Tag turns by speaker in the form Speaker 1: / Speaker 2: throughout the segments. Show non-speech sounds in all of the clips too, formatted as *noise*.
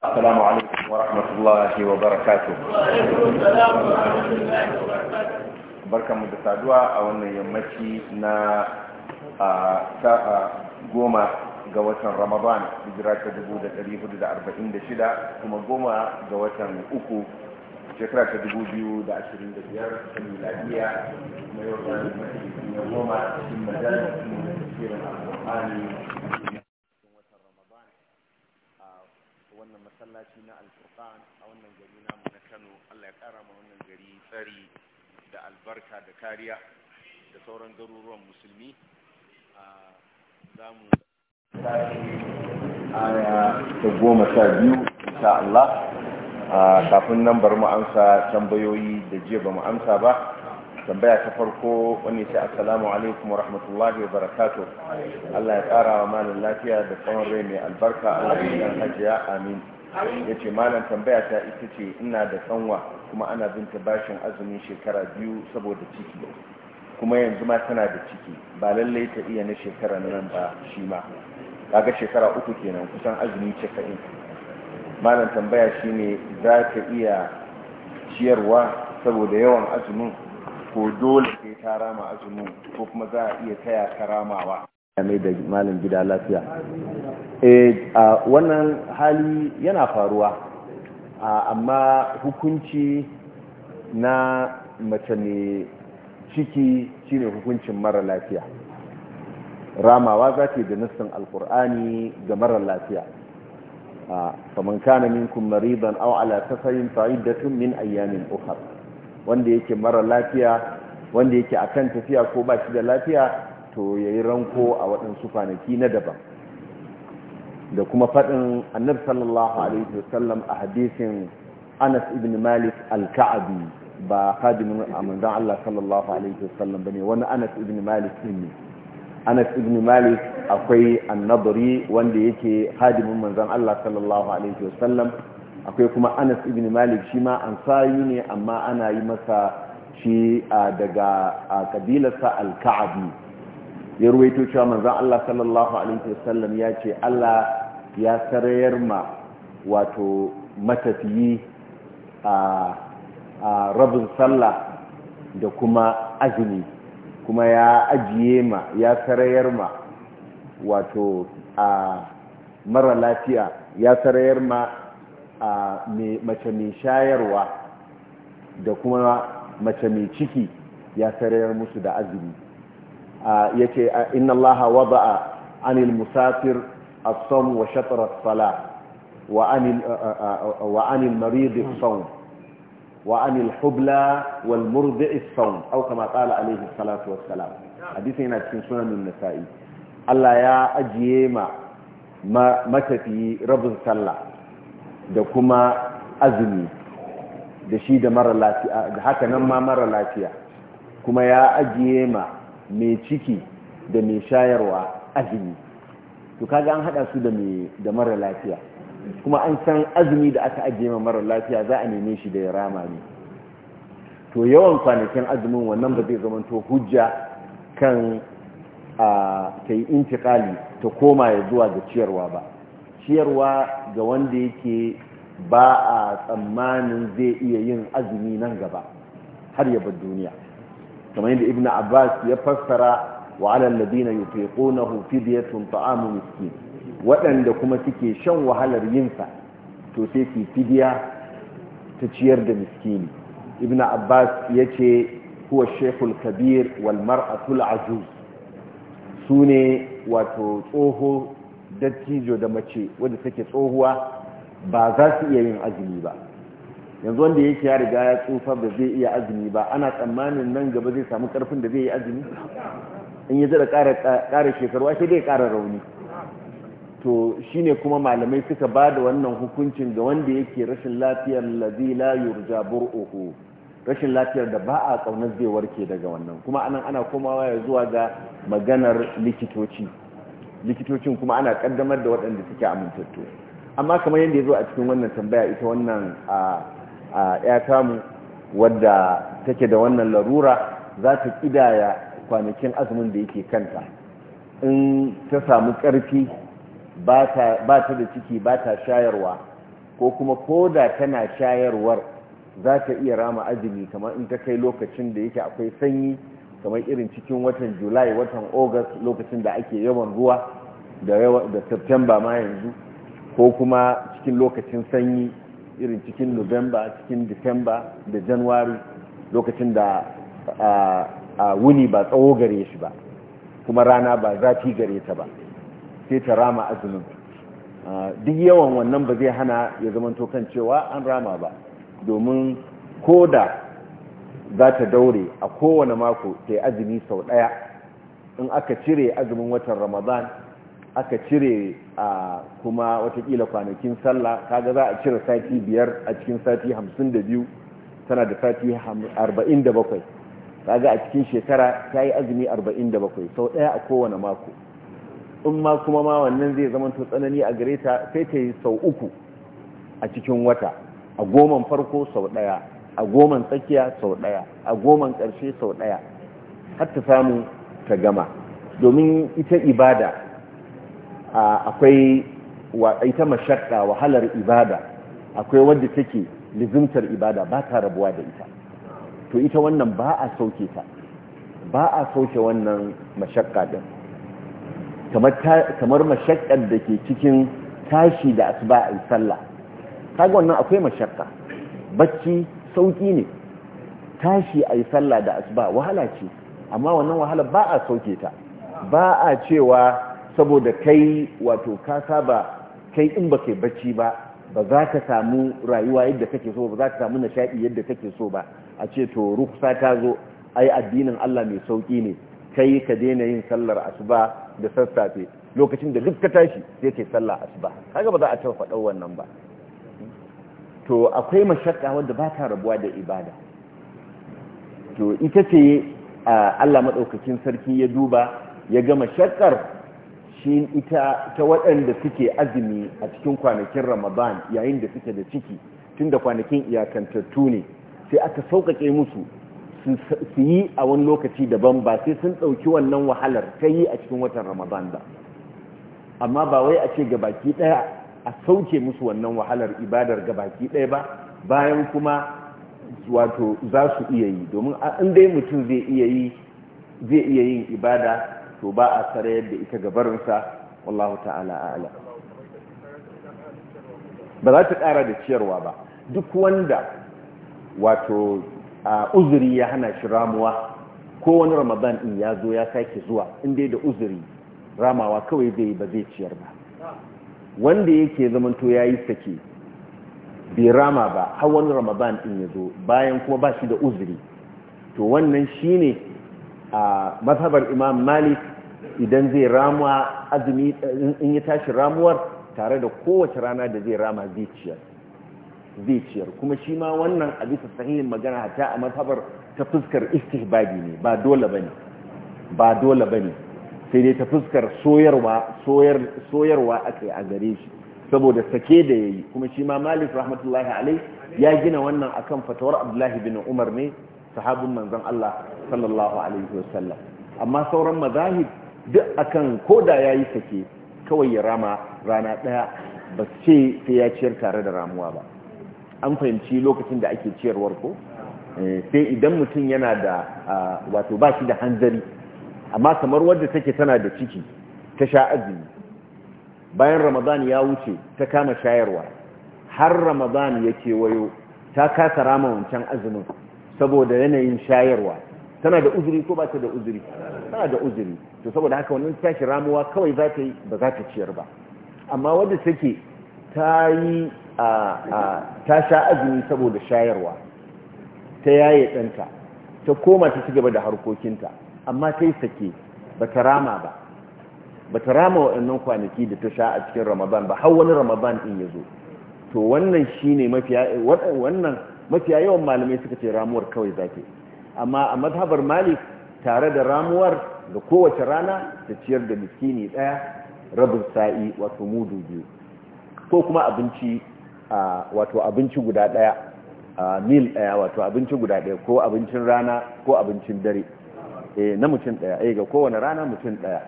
Speaker 1: السلام عليكم ورحمة الله وبركاته barkan mu da saduwa a wannan yammaci na sa'a goma ga watan ramadan hijira ta 1446 kuma goma ga watan uku shekara ta 2025 ta miladiya na yau da goma cikin majalisar
Speaker 2: tafsirin al-qur'ani
Speaker 1: masallaci na alfurqan a wannan gari namu na kano allah ya kara ma wannan gari tsari da albarka da kariya da sauran garuruwan musulmi a
Speaker 2: zamu aya ta
Speaker 1: goma sha biyu insha allah kafin nan bar mu amsa tambayoyi da jiya ba mu amsa ba tambaya ta farko wani ce assalamu alaikum wa rahmatullahi wa barakatu Allah ya kara wa malin lafiya da tsawon rai mai albarka Allah ya hajiya amin ya ce malam tambaya ta ita ce ina da tsanwa kuma ana binta bashin azumin shekara biyu saboda ciki kuma yanzu ma tana da ciki ba lallai ta iya na shekara nan ba shi ma kaga shekara uku kenan kusan azumi ce in malam tambaya shine za ta iya ciyarwa saboda yawan azumin ko dole sai ta rama azumin ko kuma za a iya taya karamawa mai da malam gida lafiya Eh, a wannan hali yana faruwa amma hukunci na mace ne ciki shine hukuncin mara lafiya ramawa za ta da nassin alkur'ani ga mara lafiya faman kana minkum maridan au ala safarin fa'idatun min ayyamin ukar. wanda yake mara lafiya wanda yake akan tafiya ko ba shi da lafiya to yayi ranko a waɗansu kwanaki na daban da kuma faɗin annabi sallallahu alaihi wasallam a hadisin anas ibn malik al-ka'abi ba hadimin amanzan Allah sallallahu alaihi wasallam bane wani anas ibn malik ne anas ibn malik akwai annabari wanda yake hadimin manzan Allah sallallahu alaihi wasallam akwai kuma anas ibn malik shi ma ansari ne amma ana yi masa shi daga kabilarsa al-ka'abi ya ruwaito cewa manzan Allah sallallahu Alaihi wasallam ya ce Allah ya sarayar ma wato matafiyi a rabin sallah da kuma azumi kuma ya ajiye ma ya sarayar ma wato a mara lafiya ya sarayar ma a mace mai shayarwa da kuma mace mai ciki ya sarayar musu da azumi ya ce inna allaha wada'a anil musafir الصوم وشطر الصلاة وعن, وعن المريض الصوم وعن الحبلى والمرضع الصوم أو كما قال عليه الصلاة والسلام حديث هنا في سنن النسائي الله يا أجيما ما متفي رب صلى da kuma azumi da shi da mara lafiya da haka nan ma mara lafiya kuma ya ajiye ma mai ciki da mai shayarwa azumi to kaga an hada su da mai da mara lafiya kuma an san azumi da aka ajiye ma mara lafiya za a neme shi da ya rama ne to yawan kwanakin azumin wannan ba zai zamanto hujja kan ta yi intikali ta koma ya zuwa ga ciyarwa ba ciyarwa ga wanda yake ba a tsammanin zai iya yin azumi nan gaba har ya bar duniya kamar yadda ibn abbas ya fassara wa alal ladina ya fidyatun ta'amu miskin waɗanda kuma suke shan wahalar yinsa sa to sai su fidiya ta ciyar da miskini ibn abbas yace huwa shaykhul kabir wal mar'atul azuz sune wato tsoho dattijo da mace wadda take tsohuwa ba za su iya yin azumi ba yanzu wanda yake ya riga ya tsufa ba zai iya azumi ba ana tsammanin nan gaba zai samu karfin da zai yi azumi in yi zira ƙara shekaru ake dai ƙara rauni to shi ne kuma malamai suka ba da wannan hukuncin ga wanda yake rashin lafiyar lazi la yurja bur'uhu rashin lafiyar da ba a kaunar zai warke daga wannan kuma anan ana komawa ya zuwa ga maganar likitoci likitocin kuma ana kaddamar da waɗanda suke amintattu amma kamar yadda ya zo a cikin wannan tambaya ita wannan a ya tamu wadda take da wannan larura za ta kidaya kwanakin azumin da yake kanta in ta samu ƙarfi ba ta da ciki ba ta shayarwa ko kuma ko da tana shayarwar za ta iya rama azumi kamar in ta kai lokacin da yake akwai sanyi kamar irin cikin watan julai watan august lokacin da ake yawan ruwa da september ma yanzu ko kuma cikin lokacin sanyi irin cikin november cikin december da january lokacin da ah, a wuni ba tsawo gare shi ba kuma rana ba zafi gare ta ba sai ta rama azumin duk yawan wannan ba zai hana ya zamanto kan cewa an rama ba domin ko da za ta daure a kowane mako ta azumi sau ɗaya in aka cire azumin watan ramadan aka cire a kuma watakila kwanakin sallah kaga za a cire sati biyar a cikin sati hamsin da biyu tana da sati arba'in da bakwai kaga a cikin shekara ta yi azumi arba'in da bakwai sau ɗaya a kowane mako in ma kuma ma wannan zai zama to tsanani a gare ta sai ta yi sau uku a cikin wata a goman farko sau ɗaya a goman tsakiya sau ɗaya a goman ƙarshe sau ɗaya har ta samu ta gama domin ita ibada akwai ita mashakka wahalar ibada akwai wadda take lizimtar ibada ba ta rabuwa da ita to ita wannan ba a sauke ta ba a sauke wannan mashakka din kamar mashakkar da ke cikin tashi da asuba a sallah kaga wannan akwai mashakka bacci sauki ne tashi a sallah da asuba wahala ce amma wannan wahala ba a sauke ta ba a cewa saboda kai wato ka saba kai in ba kai bacci ba ba za ka samu rayuwa yadda kake so ba za ka samu nishaɗi yadda kake so ba a ce to rukusa ta zo ai addinin Allah mai sauki ne kai ka daina yin sallar asuba da sassafe lokacin da duk ka tashi sai kai sallar asuba kaga ba za a ta faɗa wannan ba to akwai mashakka wanda ba ta rabuwa da ibada to ita ce Allah madaukakin sarki ya duba ya ga mashakkar shi ita ta waɗanda suke azumi a cikin kwanakin ramadan yayin da suke da ciki tunda kwanakin iyakantattu ne sai aka sauƙaƙe musu su yi a wani lokaci daban ba sai sun ɗauki wannan wahalar ta yi a cikin watan ramadan ba amma ba wai a ce baki ɗaya a sauke musu wannan wahalar ibadar baki ɗaya ba bayan kuma wato za su iya yi domin in dai mutum zai iya yin ibada to ba a tsara yadda ita gabarinsa wallahu ta'ala ala ba za ta ƙara da ciyarwa ba duk wanda wato uzuri ya hana shi ramuwa ko wani ramadan in ya zo ya sake zuwa inda da uzuri ramawa kawai zai ba zai ciyar ba wanda yake zamanto ya yi sake bai rama ba har wani ramadan din ya zo bayan kuma ba shi da uzuri to wannan shine a mazhabar imam malik idan zai rama azumi in ya tashi ramuwar tare da kowace rana da zai rama zai ciyar zai ciyar kuma shi ma wannan a bisa sahihin magana hata a matabar ta fuskar istihbadi ne ba dole bane ba dole bane sai dai ta fuskar soyarwa soyar soyarwa akai a gare shi saboda sake da yayi kuma shi ma Malik rahmatullahi alaihi ya gina wannan akan fatawar Abdullahi bin Umar ne sahabin manzon Allah sallallahu alaihi wasallam amma sauran mazahib duk akan koda yayi sake kawai ya rama rana ɗaya ba ce sai ya ciyar tare da ramuwa ba an fahimci lokacin da ake ciyarwar ko eh, sai idan mutum yana da wato ba shi da hanzari amma kamar wadda take tana da ciki ta sha azumi bayan ramadan ya wuce ta kama shayarwa har ramadan ya kewayo ta kasa rama wancan azumin saboda yanayin shayarwa tana da uzuri ko ba ta da uzuri tana da uzuri to saboda haka wannan tashi ramuwa kawai za ta yi ba za ta ciyar ba amma wadda take ta yi ta sha azumi saboda shayarwa ta yaye ɗanta ta koma ta ci gaba da harkokinta amma ta yi sake ba ta rama ba ba ta rama waɗannan kwanaki da ta sha a cikin ramadan ba har wani ramadan ɗin ya zo to wannan shi ne mafiya yawan malamai suka ce ramuwar kawai zafi amma a mazhabar malik tare da ramuwar da kowace rana ta ciyar da miskini ɗaya rabin sa'i wato mudu biyu ko kuma abinci wato abinci guda daya mil daya wato abinci guda daya ko abincin rana ko abincin dare eh, na mutum daya eh ga kowane rana mutum daya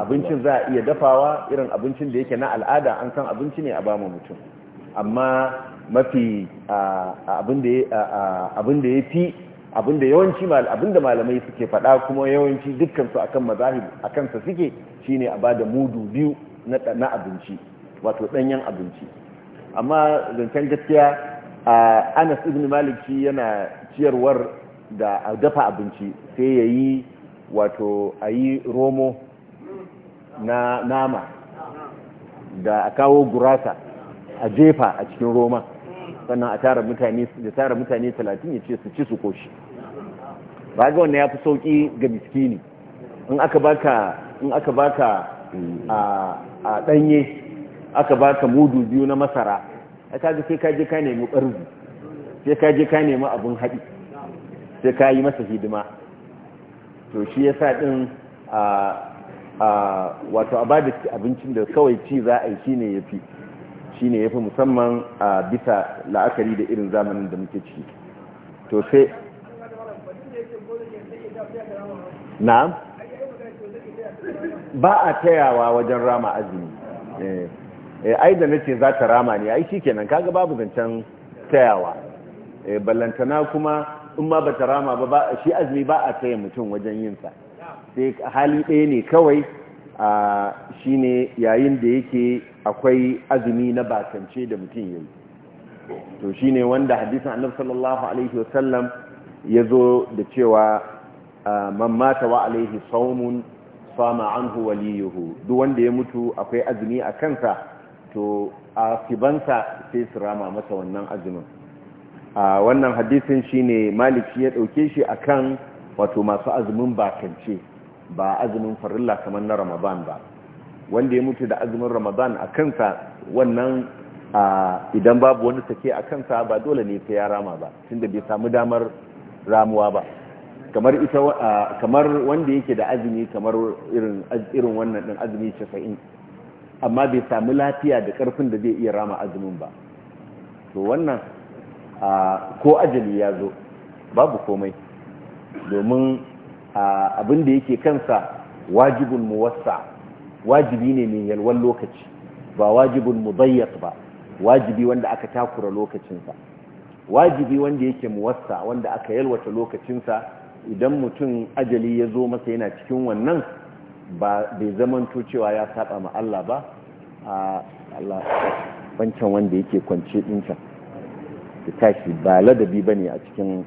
Speaker 1: abincin za a iya dafawa irin abincin da yake na al'ada an san abinci ne a ba mu mutum amma mafi abin da ya fi abin da yawanci abin da malamai suke faɗa kuma yawanci dukkansu akan mazahib akan sa suke shine a ba da mudu biyu na abinci wato danyen abinci amma zancen gaskiya a anas ibn malik shi yana ciyarwar da a dafa abinci sai ya yi wato a yi romo na nama da a kawo gurasa a jefa a cikin roma sannan a tara mutane da tara mutane talatin ya ce su ci su koshi ba ga wannan ya fi sauki ga miskini in aka baka in aka baka a ɗanye aka ba ka mudu biyu na masara a kaji sai ka ka nemi ɓarzu sai ka ka nemi abin haɗi sai ka yi masa hidima to shi ya sa ɗin a wato a bada abincin da kawai ci za a yi shi ne ya fi shi ne ya fi musamman a bisa la'akari da irin zamanin da muke ciki to sai
Speaker 2: na ba a tayawa
Speaker 1: wajen rama azumi eh. Eh, ai da nace za ta rama ne ai shikenan kaga babu zancen tayawa eh, ballantana kuma in ma bata rama ba shi azumi ba a taya mutum wajen yin sa sai hali ɗaya ne kawai a shine yayin da yake akwai azumi na bakance da mutum yayi to shine wanda hadisin annabi sallallahu alaihi wasallam yazo da cewa man mata wa alaihi sawmun sama anhu waliyuhu duk wanda ya mutu akwai azumi a kansa to a kibansa sai su rama masa wannan azumin a wannan hadisin shine maliki ya dauke shi akan wato masu azumin bakance ba azumin farilla kamar na ramadan ba wanda ya mutu da azumin ramadan a kansa wannan idan babu wani sake a kansa ba dole ne sai ya rama ba tunda bai samu damar ramuwa ba kamar ita kamar wanda yake da azumi kamar irin irin wannan din azumi 90 amma bai sami lafiya da ƙarfin da zai iya rama azumin ba to wannan ko ajali ya zo babu komai domin abin da yake kansa wajibin mu wasa wajibi ne mai yalwan lokaci ba wajibin mu mudayyak ba wajibi wanda aka takura lokacinsa wajibi wanda yake mu wasa wanda aka yalwata lokacinsa idan mutum ajali ya zo masa yana cikin wannan ba bai zamanto cewa ya saba ma Allah ba a Allah wancan wanda yake kwance dinsa ta tashi ba ladabi bane a cikin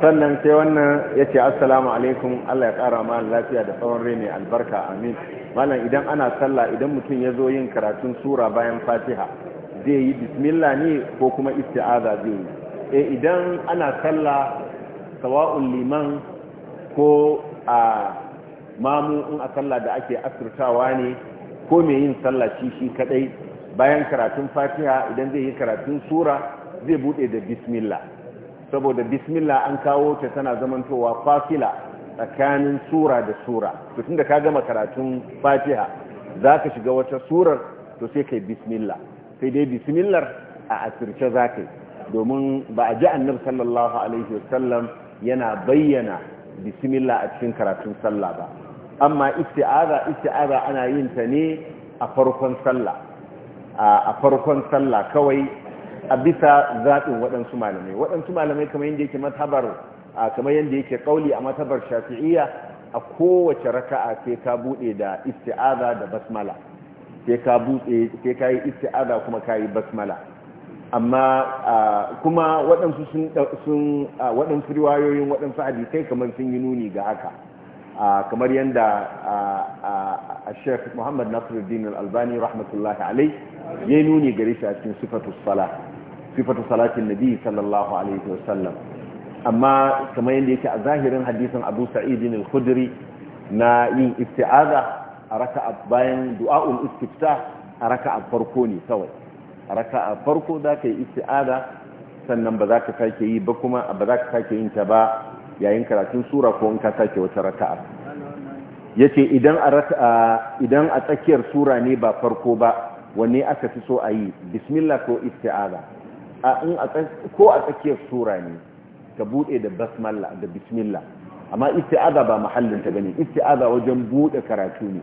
Speaker 1: sannan sai wannan yace ce assalamu alaikum Allah ya kara ma lafiya da tsawon rai mai albarka amin malam idan ana sallah idan mutum ya zo yin karatun sura bayan fatiha zai yi bismillah ne ko kuma isti'aza zai yi e idan ana sallah sawa'un liman ko a mamu in a sallah da ake asirtawa ne ko mai yin sallah shi shi kadai bayan karatun fatiha idan zai yi karatun sura zai bude da bismillah saboda bismillah an kawo ta tana zamantowa fasila tsakanin sura da sura to da ka gama karatun fatiha za ka shiga wata surar to sai kai bismillah sai dai bismillar a asirce za ka yi domin ba a ji annabi sallallahu alaihi wasallam yana bayyana bismillah a cikin karatun sallah ba amma isti'aza isti'aza ana yin ta ne a farkon sallah a farkon sallah kawai a bisa zaɓin waɗansu malamai waɗansu malamai kamar yadda yake matabar kamar yadda yake kauli a matabar shafi'iyya a kowace raka'a sai ka buɗe da isti'aza da basmala sai ka buɗe sai ka yi isti'aza kuma ka yi basmala amma kuma waɗansu sun waɗansu riwayoyin waɗansu hadisai kamar sun yi nuni ga haka kamar yadda a sheikh muhammad nasiruddin al-albani rahmatullahi alai ya nuni gare shi a cikin sifatus sala salatin nabi sallallahu alaihi wasallam amma kamar yadda yake a zahirin hadisin abu sa'idin al-khudri na yin isti'aza a raka'a bayan du'a'ul istifta a raka'a farko ne kawai a raka'a farko za ka yi isti'aza sannan ba za ka sake yi ba kuma ba za ka sake yin ta ba yayin karatun sura ko in ka sake wata raka'a yace idan a idan a tsakiyar sura ne ba farko ba wanne aka fi so a yi bismillah ko isti'aza a in a ko a tsakiyar sura ne ka bude da basmalla da bismillah amma isti'aza ba mahallin ta gani isti'aza wajen bude karatu ne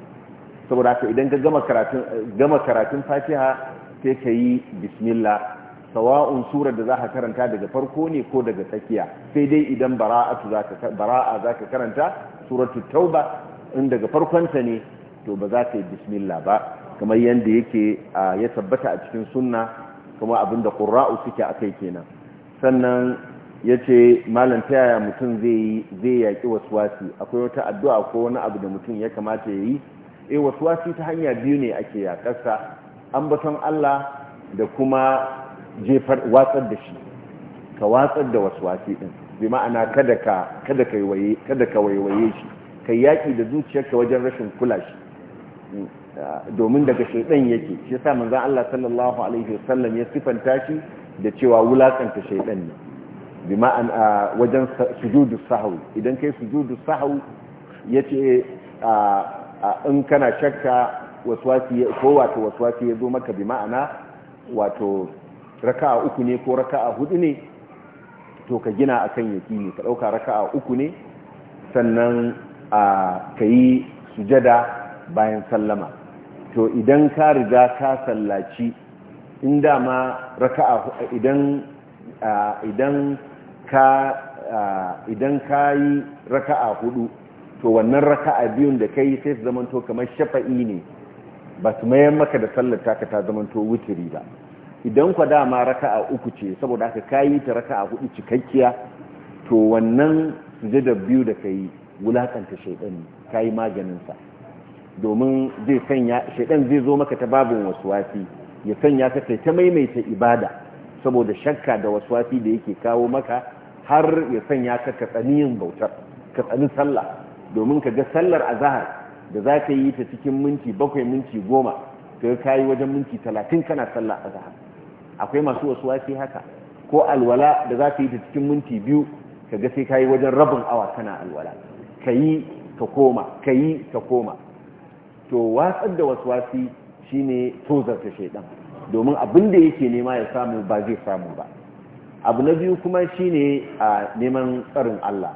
Speaker 1: saboda haka idan ka gama karatun gama karatun fatiha sai ka yi bismillah sawa'un surar da za ka karanta daga farko ne ko daga tsakiya sai dai idan bara'a za ka zaka karanta suratu tauba in daga farkonta ne to ba za ka yi bismillah ba kamar yadda yake ya tabbata a cikin sunna kuma abinda qurra'u suke akai kenan sannan yace malam ta yaya mutum zai yi zai yaki akwai wata addu'a ko wani abu da mutum ya kamata ya yi eh wasi ta hanya biyu ne ake an ambaton Allah da kuma jefar watsar da shi ka watsar da wasi din bi ma'ana kada ka kada ka waye kada ka waiwaye shi kai yaki da zuciyarka wajen rashin kula shi mm, ah, domin daga shaydan yake shi yasa manzo Allah sallallahu alaihi wasallam ya sifanta shi da cewa wulakanta shaydan ne bi ma'ana ah, wajen sujudu sahwi idan kai sujudu sahwi yace ah, in kana shakka waswasi ko wato waswasi ya zo maka bi ma'ana wato raka'a uku ne ko raka'a hudu ne to ka gina akan yaqini ka dauka raka'a uku ne sannan a kayi sujada bayan sallama to idan ka riga ka sallaci in dama raka'a idan idan ka idan ka yi raka'a hudu to wannan raka'a biyun da kai sai su zamanto kamar shafa'i ne ba su mayar maka da sallar taka ta zamanto wuturi ba idan kwa dama raka'a uku ce saboda aka kayi ta raka'a hudu cikakkiya to wannan sujada biyu da kai wulakanta shaidan kayi maganin sa domin zai sanya shaidan zai zo maka ta babin waswasi ya sanya ka kai ta maimaita ibada saboda shakka da waswasi da yake kawo maka har ya sanya ka ka yin bautar ka tsani sallah domin ka ga sallar azahar da za ka yi ta cikin minti bakwai minti goma ka kayi wajen minti talatin kana sallar azahar akwai masu wasu wasi haka ko alwala da za ka yi ta cikin minti biyu ka ga sai ka yi wajen rabin awa kana alwala ka yi ka koma ka yi ka koma to watsar da wasu wasi shi ne shine ta shaidan domin abin da yake nema ya samu ba zai samu ba abu na biyu kuma shi ne a neman tsarin Allah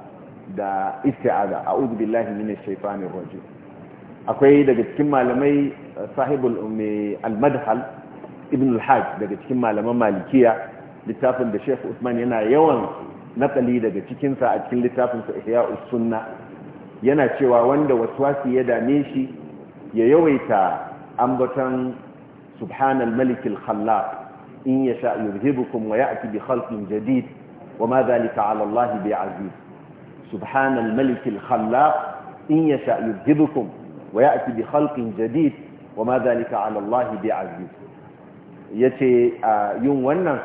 Speaker 1: da isti'aza a'udhu billahi minash mai rajim akwai daga cikin malamai sahibul umar al-madhal ibn al-hajj daga cikin malaman malikiya littafin da sheikh usman yana yawan nakali daga cikinsa a cikin littafin sa ihya sunna yana cewa wanda waswasi ya dame shi ya yawaita ambaton subhanal malik al-khallaq in yasha yuzhibukum wa ya'ti bi khalqin jadid wa ma dhalika 'ala Allah bi'aziz subhanal malik al-khallaq in yasha yuzhibukum wa ya'ti bi khalqin jadid wa ma dhalika 'ala Allah bi'aziz ya ce yin wannan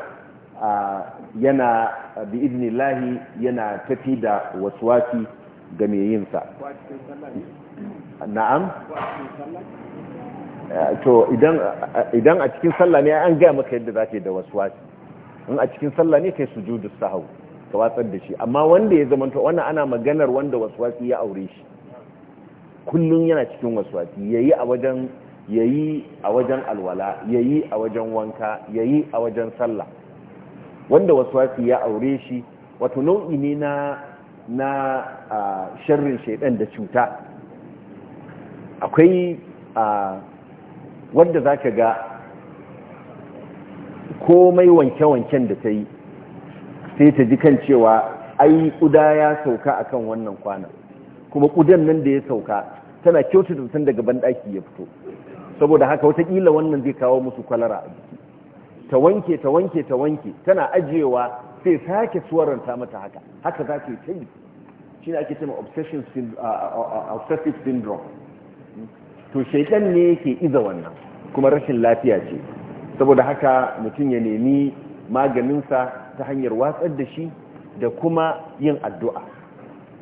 Speaker 1: yana bi idnillahi yana tafi da waswasi ga mai yinsa na'am to idan a cikin sallah ne an gaya maka yadda za yi da wasi? in a cikin sallah ne kai sujudu sahau ka watsar da shi amma wanda ya zamanta wannan ana maganar wanda wasu wasi ya aure shi kullum yana cikin wasu ya yi a wajen yayi a wajen alwala yayi a wajen wanka yayi a wajen sallah wanda waswasi ya aure shi wato nau'i ne na na sharrin shaidan da cuta akwai wanda zaka ga komai wanke-wanken da ta yi sai ta ji kan cewa ai kuda ya sauka akan wannan kwanan kuma kudan nan da ya sauka tana kyautata tun daga banɗaki ya fito saboda haka wataƙila wannan zai kawo musu kwalara a jiki ta wanke ta wanke ta wanke tana ajiyewa sai sake suwaranta mata haka haka za ta yi ta yi shi ne ake cewa obsessive syndrome to shaitan ne ke iza wannan kuma rashin lafiya ce saboda haka mutum ya nemi maganinsa ta hanyar watsar da shi da kuma yin addu'a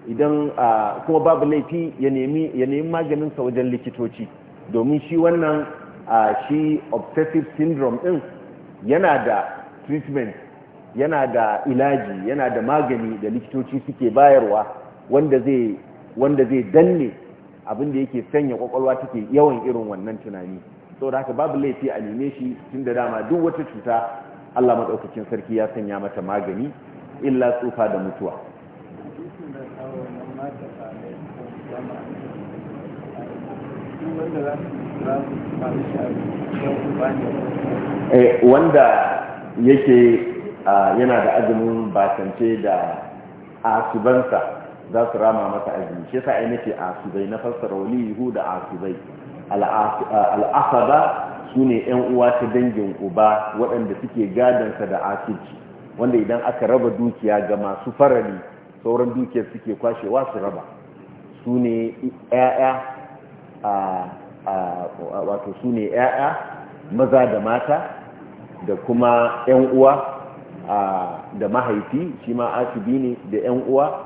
Speaker 1: idan kuma babu laifi ya nemi maganinsa wajen likitoci domin shi wannan a shi obsessive syndrome din yana da treatment yana da ilaji yana da magani da likitoci suke bayarwa wanda zai danne abinda yake sanya kwakwalwa take yawan irin wannan tunani da haka babu laifi a neme shi tun da dama duk wata cuta Allah maɗaukacin sarki ya sanya mata magani illa tsufa da mutuwa Eh, wanda yake yana da azumin bakance da asibansa za su rama masa azumi shi sa aini asibai na fassara walihu da asibai al'asaba su ne 'yan uwa ta dangin uba waɗanda suke gadansa da asibci wanda idan aka raba dukiya ga masu farari sauran dukiyar suke kwashewa su raba su ne 'ya'ya wato su ne 'ya'ya maza da mata da kuma 'yan uwa da mahaifi shi ma asibi ne da 'yan uwa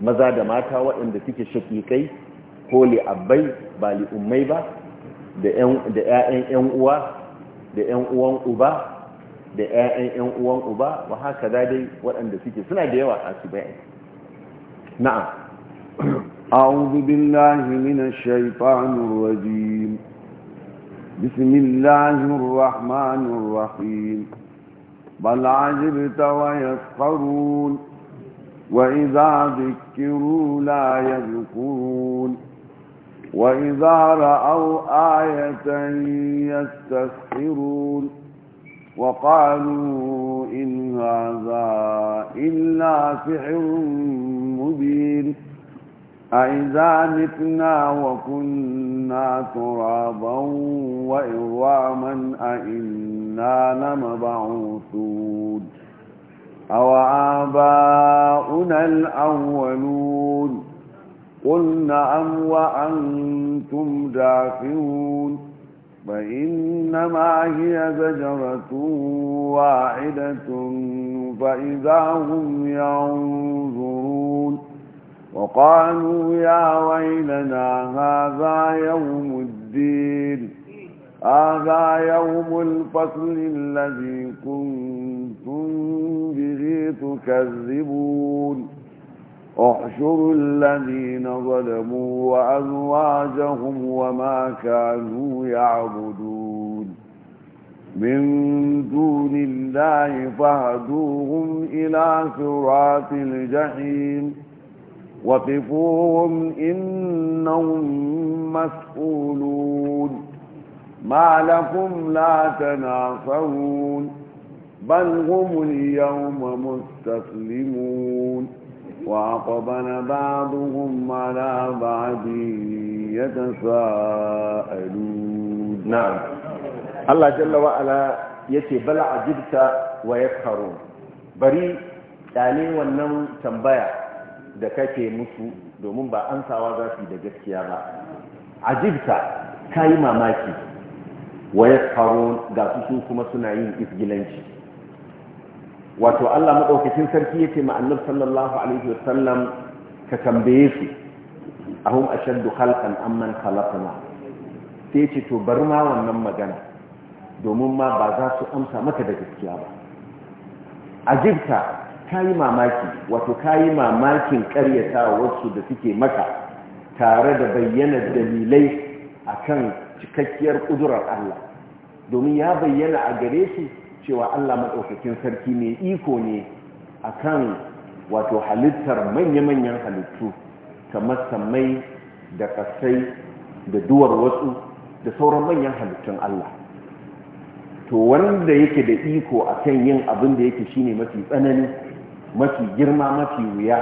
Speaker 1: maza da mata waɗanda suke shakikai ko li'abbai ba li'ummai ba da 'ya'yan 'yan uwa da 'yan uwan uba da 'ya'yan 'yan uwan uba wa haka dai waɗanda suke suna da yawa asibi
Speaker 3: na'am *clears throat* أعوذ بالله من الشيطان الرجيم بسم الله الرحمن الرحيم بل عجبت ويسخرون وإذا ذكروا لا يذكرون وإذا رأوا آية يستسخرون وقالوا إن هذا إلا سحر مبين أَإِذَا مِتْنَا وَكُنَّا تُرَابًا وَإِرْوَامًا أَإِنَّا لَمَبَعُوثُونَ أو آباؤنا الأولون قل نعم وأنتم داخلون فإنما هي زجرة واحدة فإذا هم ينظرون وقالوا يا ويلنا هذا يوم الدين هذا يوم الفصل الذي كنتم به تكذبون احشروا الذين ظلموا وأزواجهم وما كانوا يعبدون من دون الله فهدوهم إلى صراط الجحيم وقفوهم إنهم مسؤولون ما لكم لا تناصرون بل هم اليوم مستسلمون وعقبنا بعضهم على بعض يتساءلون نعم الله جل وعلا
Speaker 1: يتي بل عجبت ويسخرون بريء يعني ونم تنبيه da kake musu domin ba amsawa za su da gaskiya ba ajibta ka yi mamaki waya ya ga su kuma suna yin isgilanci wato Allah maɗaukacin sarki yake ma annab sallallahu alaihi wasallam ka tambaye su ahum ashaddu khalqan amman khalaqna sai ce to bar ma wannan magana domin ma ba za su amsa maka da gaskiya ba ajibta kayi mamaki wato kayi mamakin karyata wasu da suke maka tare da bayyana dalilai akan cikakkiyar kudurar Allah domin ya bayyana a gare su cewa Allah maɗaukakin sarki ne iko ne akan wato halittar manya-manyan halittu kamar sammai da kasai da duwar wasu da sauran manyan halittun Allah to wanda yake da iko akan yin abin da yake shine mafi tsanani mafi girma mafi wuya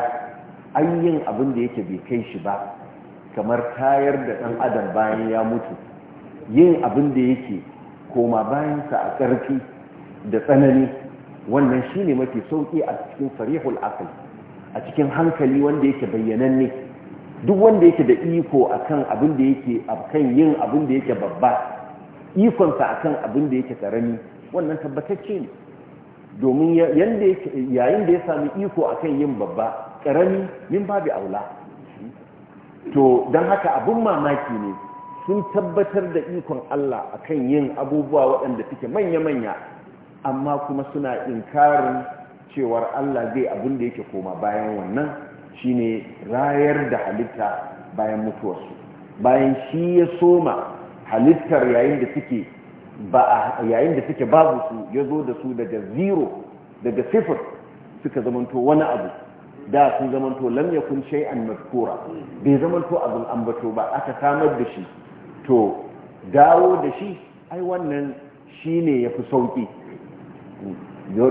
Speaker 1: an yin abin da yake bai kai shi ba kamar tayar da ɗan adam bayan ya mutu yin abin da yake koma bayansa a ƙarfi da tsanani wannan shi ne mafi sauƙi a cikin farihul akal a cikin hankali wanda yake bayyananne duk wanda yake da iko akan abin da yake kan yin abin da yake babba ikonsa akan abin da yake ƙarami, wannan tabbatacce ne domin yayin da ya sami iko akan yin babba karami yin babu aula to don haka abin mamaki ne sun tabbatar da ikon Allah akan yin abubuwa waɗanda suke manya-manya amma kuma suna inkarin cewar Allah zai abin da yake koma bayan wannan shine rayar da halitta bayan mutuwarsu bayan shi ya soma halittar yayin da suke ba yayin da suke babu su ya zo da su daga zero daga sifir suka zamanto wani abu da sun zamanto lam shai shay'an madkura bai zamanto abin ambato ba aka samar da shi to dawo da shi ai wannan ya fi sauƙi.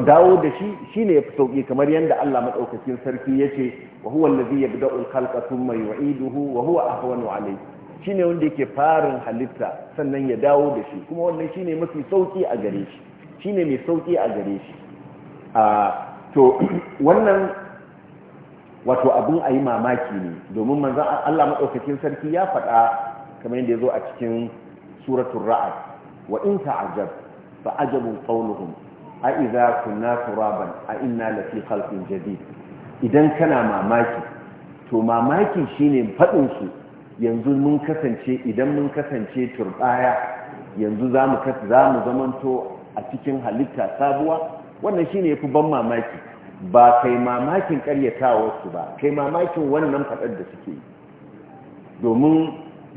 Speaker 1: dawo da shi shine yafi sauƙi. kamar yadda Allah madaukakin sarki yace wa huwa allazi yabda'u al mai, wa'idu yu'iduhu wa huwa ahwanu alayhi Shi ne wanda yake farin halitta sannan ya dawo da shi kuma wannan shi ne mafi sauki a gare shi Shi ne mai sauki a gare shi a to *clears throat* wannan wato abin a yi mamaki ne domin manzan Allah maɗaukacin sarki ya faɗa kamar yadda ya zo a cikin suratun ra'ad wa in ta'ajab fa ajabun qawluhum a idza kunna turaban a inna lafi khalqin jadid idan kana mamaki to mamakin shine faɗin su yanzu mun kasance idan mun kasance turbaya yanzu za mu zamanto a cikin halitta sabuwa wannan shi ne ya fi ban mamaki ba kai mamakin karyatawarsu ba kai mamakin wannan faɗar da suke yi
Speaker 3: domin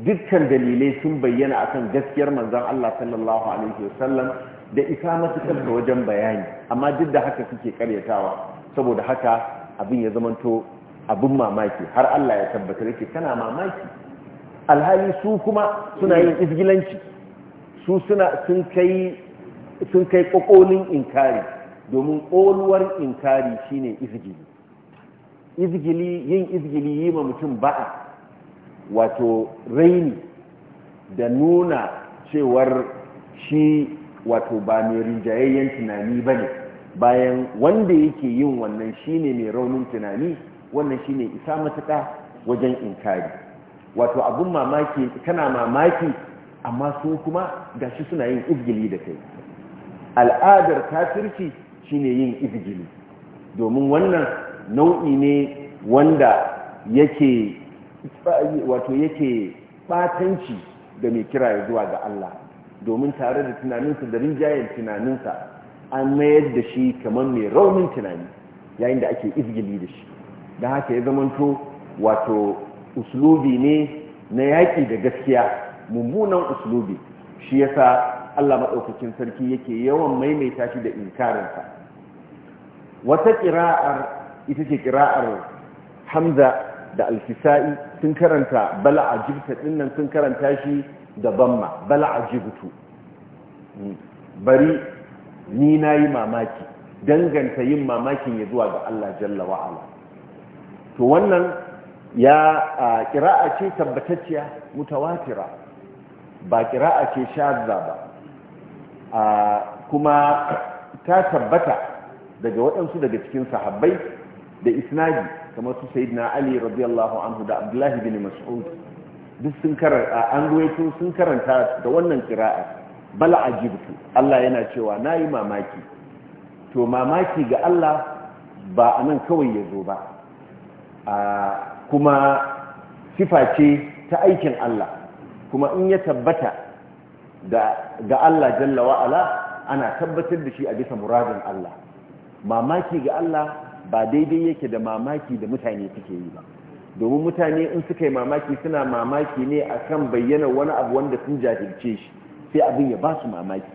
Speaker 3: dukkan
Speaker 1: dalilai sun bayyana akan gaskiyar manzan Allah sallallahu Alaihi wasallam da isa masu da wajen bayani amma duk da haka suke karyatawa saboda haka abin ya zamanto abin mamaki har Allah ya tabbatar yake kana mamaki alhali su kuma suna yin izgilanci su suna sun kai ƙwaƙolin kokolin inkari domin koluwar inkari shine izgili izgili yin izgili yi ma mutum ba'a wato raini da nuna cewar shi wato ba mai rinjayayyen tunani ba ne bayan wanda yake yin wannan shine mai raunin tunani wannan shine isa matuƙa wajen inkari wato abun mamaki kana mamaki amma su kuma shi suna yin izgili da kai al'adar kafirci shine yin izgili domin wannan nau'i ne wanda yake wato yake batanci da mai kira ya zuwa ga Allah domin tare da tunaninsa da rinjayen tunaninsa an mayar da shi kamar mai raunin tunani yayin da ake izgili da shi da haka ya zamanto wato uslubi ne na yaƙi da gaskiya mummunan uslubi shi yasa Allah maɗaukakin sarki yake yawan maimaita shi da inkarinsa wata ƙira'ar ita ce ƙira'ar hamza da alfisa'i sun karanta bala a jibta ɗinnan sun karanta shi da bamma bala a jibtu hmm. bari ni na yi mamaki danganta yin mamakin ya zuwa ga Allah jalla wa'ala to wannan ya ƙira'a ce tabbatacciya mutawatira ba ƙira'a ce shazza ba kuma ta tabbata daga waɗansu daga cikin sahabbai da isnadi kamar su na ali radiyallahu anhu da abdullahi bin mas'ud duk sun karanta an ruwaito sun karanta da wannan ƙira'a bala ajibtu Allah yana cewa na yi mamaki to mamaki ga Allah ba a nan kawai ya zo ba kuma sifa ce ta aikin Allah kuma in ya tabbata ga Allah jalla wa'ala ana tabbatar da shi a bisa muradin Allah mamaki ga Allah ba daidai yake da mamaki da mutane suke yi ba domin mutane in suka yi mamaki suna mamaki ne akan bayyana wani abu wanda sun jahilce shi sai abin ya ba su mamaki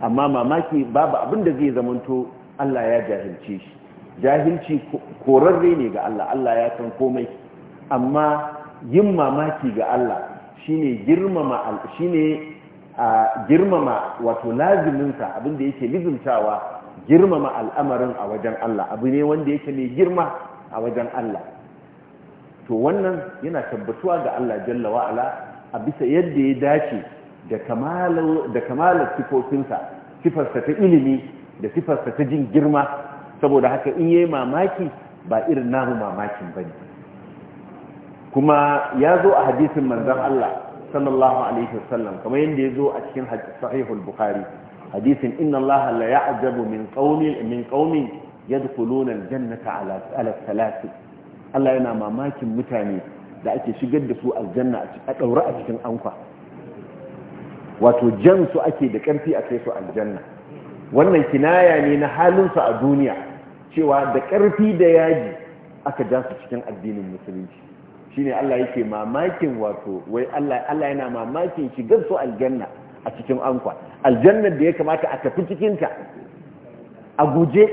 Speaker 1: amma mamaki babu abin da zai zamanto Allah ya jahilce shi jahilci korarre ne ga Allah Allah ya san komai amma yin mamaki ga Allah shine girmama shine girmama wato laziminsa abinda yake lizumtawa girmama al'amarin a wajen Allah abu ne wanda yake mai girma a wajen Allah to wannan yana tabbatuwa ga Allah jalla wa'ala a bisa yadda ya dace da kamalar sifofinsa sifarsa ta ilimi da sifarsa ta jin girma saboda haka in yi mamaki ba irin namu mamakin ne. kuma ya zo a hadisin manzon Allah sallallahu alaihi wasallam kamar yadda ya zo a cikin sahihul bukhari hadisin inna allaha la ya'jabu min qaumin min qaumin yadkhuluna aljannata ala ala salati Allah yana mamakin mutane da ake shigar da su aljanna a daura a cikin anka. wato jan su ake da karfi a kai su aljanna wannan kinaya ne na halinsu a duniya cewa da ƙarfi da yaji aka ja su cikin addinin musulunci shine Allah yake mamakin wato wai Allah yana mamakin shigar su aljanna a cikin ankwa aljannar da ya kamata a tafi cikinta a guje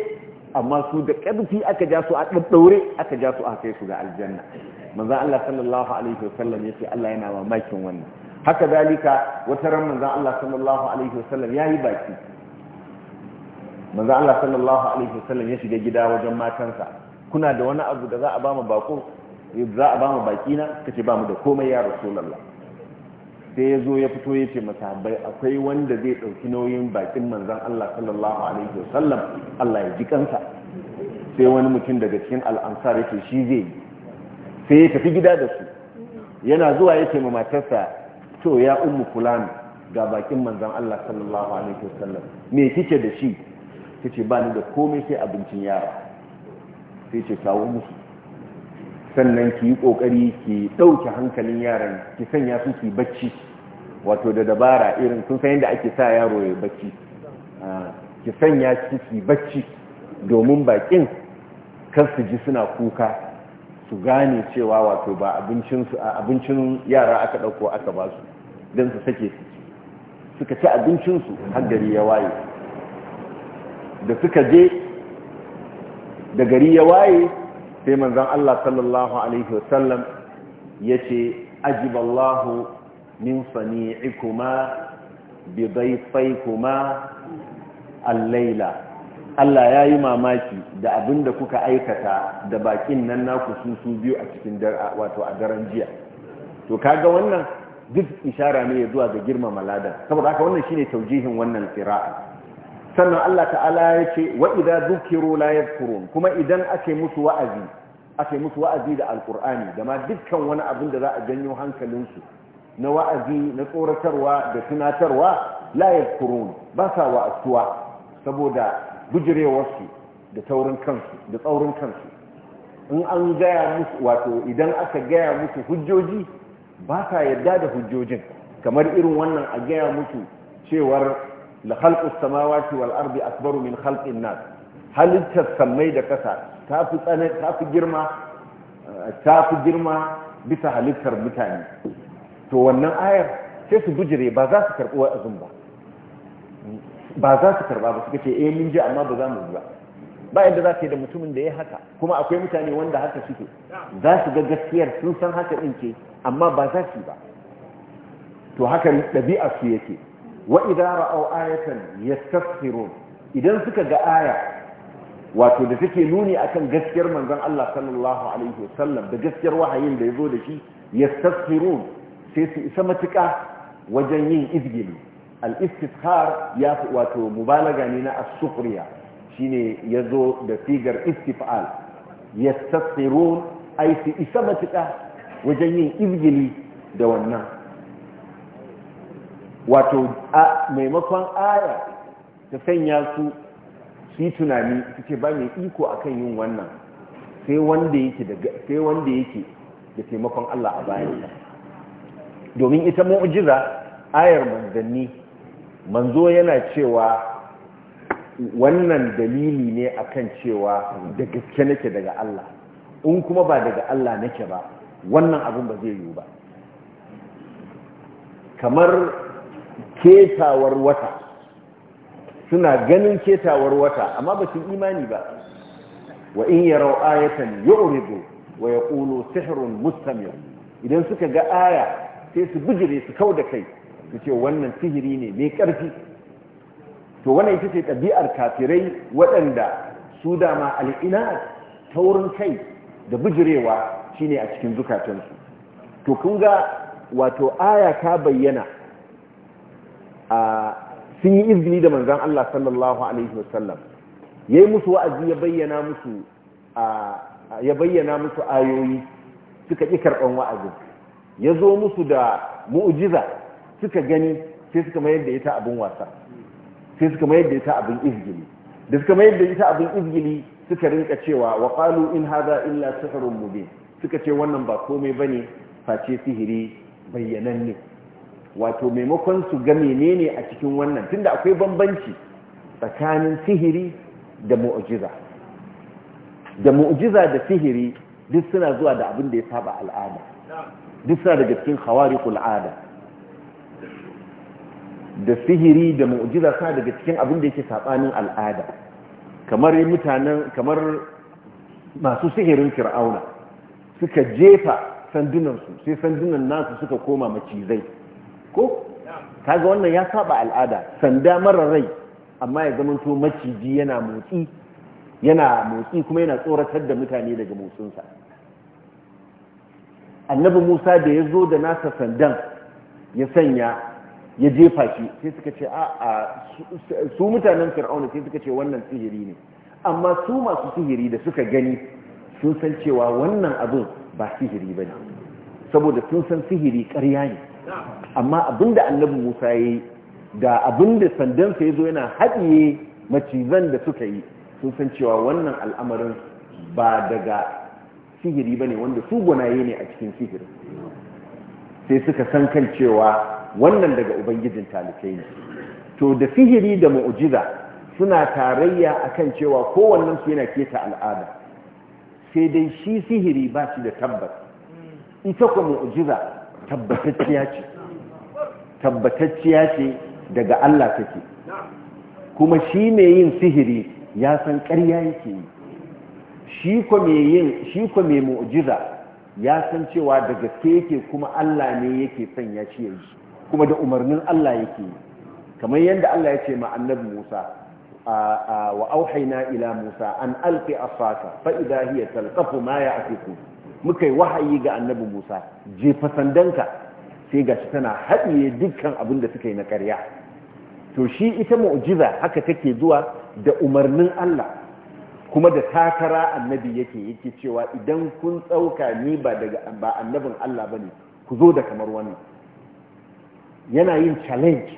Speaker 1: amma su da ƙarfi aka ja su a ɗaɗɗaure aka ja su a kai su ga aljanna manzan Allah sallallahu alaihi wasallam ce Allah yana mamakin wannan haka zalika wata ran manzan Allah sallallahu alaihi wasallam yi baki manzo Allah sallallahu alaihi wasallam ya shiga gida wajen matansa kuna da wani abu da za a ba mu bako za a ba mu baki na kace ba mu da komai ya rasulullah sai ya zo ya fito ya ce masahabai akwai wanda zai ɗauki nauyin bakin manzan Allah sallallahu alaihi wasallam Allah ya ji kansa sai wani mutum daga cikin al'ansar yake shi zai yi sai ya tafi gida da su yana zuwa ya ce ma matarsa to ya ummu fulani ga bakin manzan Allah sallallahu alaihi wasallam me kike da shi ta ce ba ni da komai sai abincin yara sai ce kawo musu sannan ki yi ƙoƙari ki ɗauke hankalin yaran ki sanya su ki bacci wato da dabara irin sun san yadda ake sa yaro ya bacci ah, ki sanya su ki bacci domin bakin kar su ji suna kuka su gane cewa wato ba abincin yara aka ɗauko aka ba su don su sake su suka ci abincinsu har gari ya waye da suka je da gari ya waye sai manzon Allah sallallahu alaihi wasallam yace ajiballahu min sani'ikuma bi dayfaykuma al-laila Allah ya yi mamaki da abin da kuka aikata da bakin nan naku su su biyu a cikin wato a daren jiya to kaga wannan duk ishara ne ya zuwa ga girmama ladan saboda haka wannan shine taujihin wannan qira'a sannan Allah ta'ala ya ce wa idza dhukiru la yadhkurun kuma idan ake musu wa'azi ake musu wa'azi da alkur'ani da ma dukkan wani abin da za a janyo hankalinsu na wa'azi na tsoratarwa da tunatarwa la yadhkurun ba sa wa'azuwa saboda bujirewarsu da taurin kansu da tsaurin kansu in an gaya musu wato idan aka gaya musu hujjoji ba sa yarda da hujjojin kamar irin wannan a gaya musu cewar la khalqu samawati wal ardi akbaru min khalqin nas halittar sammai da kasa ta fi tsane ta fi girma eh, ta fi girma bisa halittar mutane to wannan ayar sai su bujire ba za su karɓi wa'azin ba ba za su karɓa ba suka ce eh mun ji amma ba za mu ba ba yadda za ka yi da mutumin da ya haka kuma akwai mutane wanda haka suke za su ga gaskiyar sun san haka ɗin ce amma ba za su ba to haka ɗabi'a su yake wa idza ra'aw ayatan idan suka ga aya wato da take nuni akan gaskiyar manzon Allah sallallahu alaihi wasallam da gaskiyar wahayin da yazo da shi yastaghfirun sai su isa matuƙa wajen yin izgili al-istithar ya wato mubalaga ne na as-sukriya shine yazo da sigar istif'al yastaghfirun ai su isa matuƙa wajen yin izgili da wannan wato maimakon aya ta sanya su su tunani suke ba mai iko akan yin wannan sai wanda yake da taimakon Allah a bayansa domin ita mu'jiza ayar manzanni manzo yana cewa wannan dalili ne akan cewa da gaske nake daga Allah in kuma ba daga Allah nake ba wannan abin ba zai yiwu ba kamar ketawar wata suna ganin ketawar wata amma ba su imani ba wa in rau ayatan yu'ridu wa ya ƙulo sihirun mustamir idan suka ga aya sai su bijire su kau da kai su ce wannan sihiri ne mai ƙarfi. to wannan ita ce ɗabi'ar kafirai waɗanda su dama al'ina ta wurin kai da bijirewa shine a cikin zukatansu to kun ga wato aya ta bayyana sun yi izini da manzan Allah sallallahu alaihi wasallam ya yi musu wa'azi ya bayyana musu ayoyi suka ƙi karɓar wa'azi ya zo musu da mu'ujiza suka gani sai suka mayar da ita abin wasa sai suka mayar da ita abin izgili da suka mayar da ita abin izgili suka rinka cewa wa ƙalu in haza illa sihrun mubin suka ce wannan ba komai bane face sihiri bayyananne wato maimakon su ga menene a cikin wannan tunda akwai bambanci tsakanin sihiri da mu'jiza da mu'jiza da sihiri duk suna zuwa da abin da ya saba al'ada duk suna daga cikin khawariqul ada da sihiri da mu'jiza suna daga cikin abin da yake sabanin al'ada kamar mutanen kamar masu sihirin fir'auna suka jefa sandunansu sai sandunan nasu suka koma macizai ko kaga wannan ya saba al'ada sanda mara rai amma ya zama to maciji yana motsi yana motsi kuma yana tsoratar da mutane daga motsinsa annabi musa da ya zo da nasa sandan ya sanya ya jefa shi sai suka ce a su mutanen fir'auna sai suka ce wannan sihiri ne amma su masu sihiri da suka gani sun san cewa wannan abin ba sihiri ba ne saboda sun san sihiri ƙarya ne amma abinda annabi Musa ya yi da abinda sandansa ya zo yana haɗiye macizan da suka yi sun san cewa wannan al'amarin ba daga sihiri ba ne wanda su gwanaye ne a cikin sihiri, sai suka san kan cewa wannan daga ubangijin talikai ne to da sihiri da mu'ujiza suna tarayya akan cewa su yana keta al'ada sai dai shi sihiri ba shi da tabbas ita kuma mu'ujiza tabbatacciya ce tabbatacciya ce daga Allah take kuma shi ne yin sihiri ya san ƙarya yake yi shi ko mai mu'jiza ya san cewa daga gaske yake kuma Allah ne yake son ya ce kuma da umarnin Allah yake yi kamar yadda Allah ya ce ma annabi Musa wa auhaina ila Musa an alfi afasa fa idha hiya talqafu ma ya'tiku muka yi wahayi ga annabi Musa jefa sandanka sai ga shi tana haɗiye dukkan abin da suka yi na ƙarya to shi ita mu'jiza haka take zuwa da umarnin Allah kuma da takara annabi yake yake cewa idan kun tsauka ni ba daga ba annabin Allah bane ku zo da kamar wannan yana yin challenge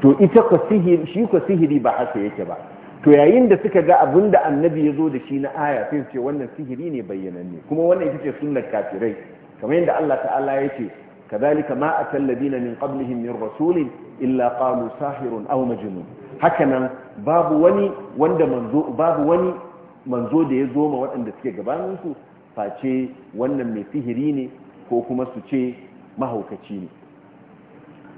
Speaker 1: to ita ko sihiri shi ko sihiri ba haka yake ba to yayin da suka ga abinda annabi ya zo da shi na aya sai su ce wannan sihiri ne bayyananne kuma wannan ita ce sunnar kafirai kamar yadda Allah ta'ala ya ce kadhalika ma atal ladina min qablihim min rasulin illa qalu sahirun aw majnun hakanan babu wani wanda manzo da ya zo ma waɗanda suke gabanin su face wannan mai sihiri ne ko kuma su ce mahaukaci ne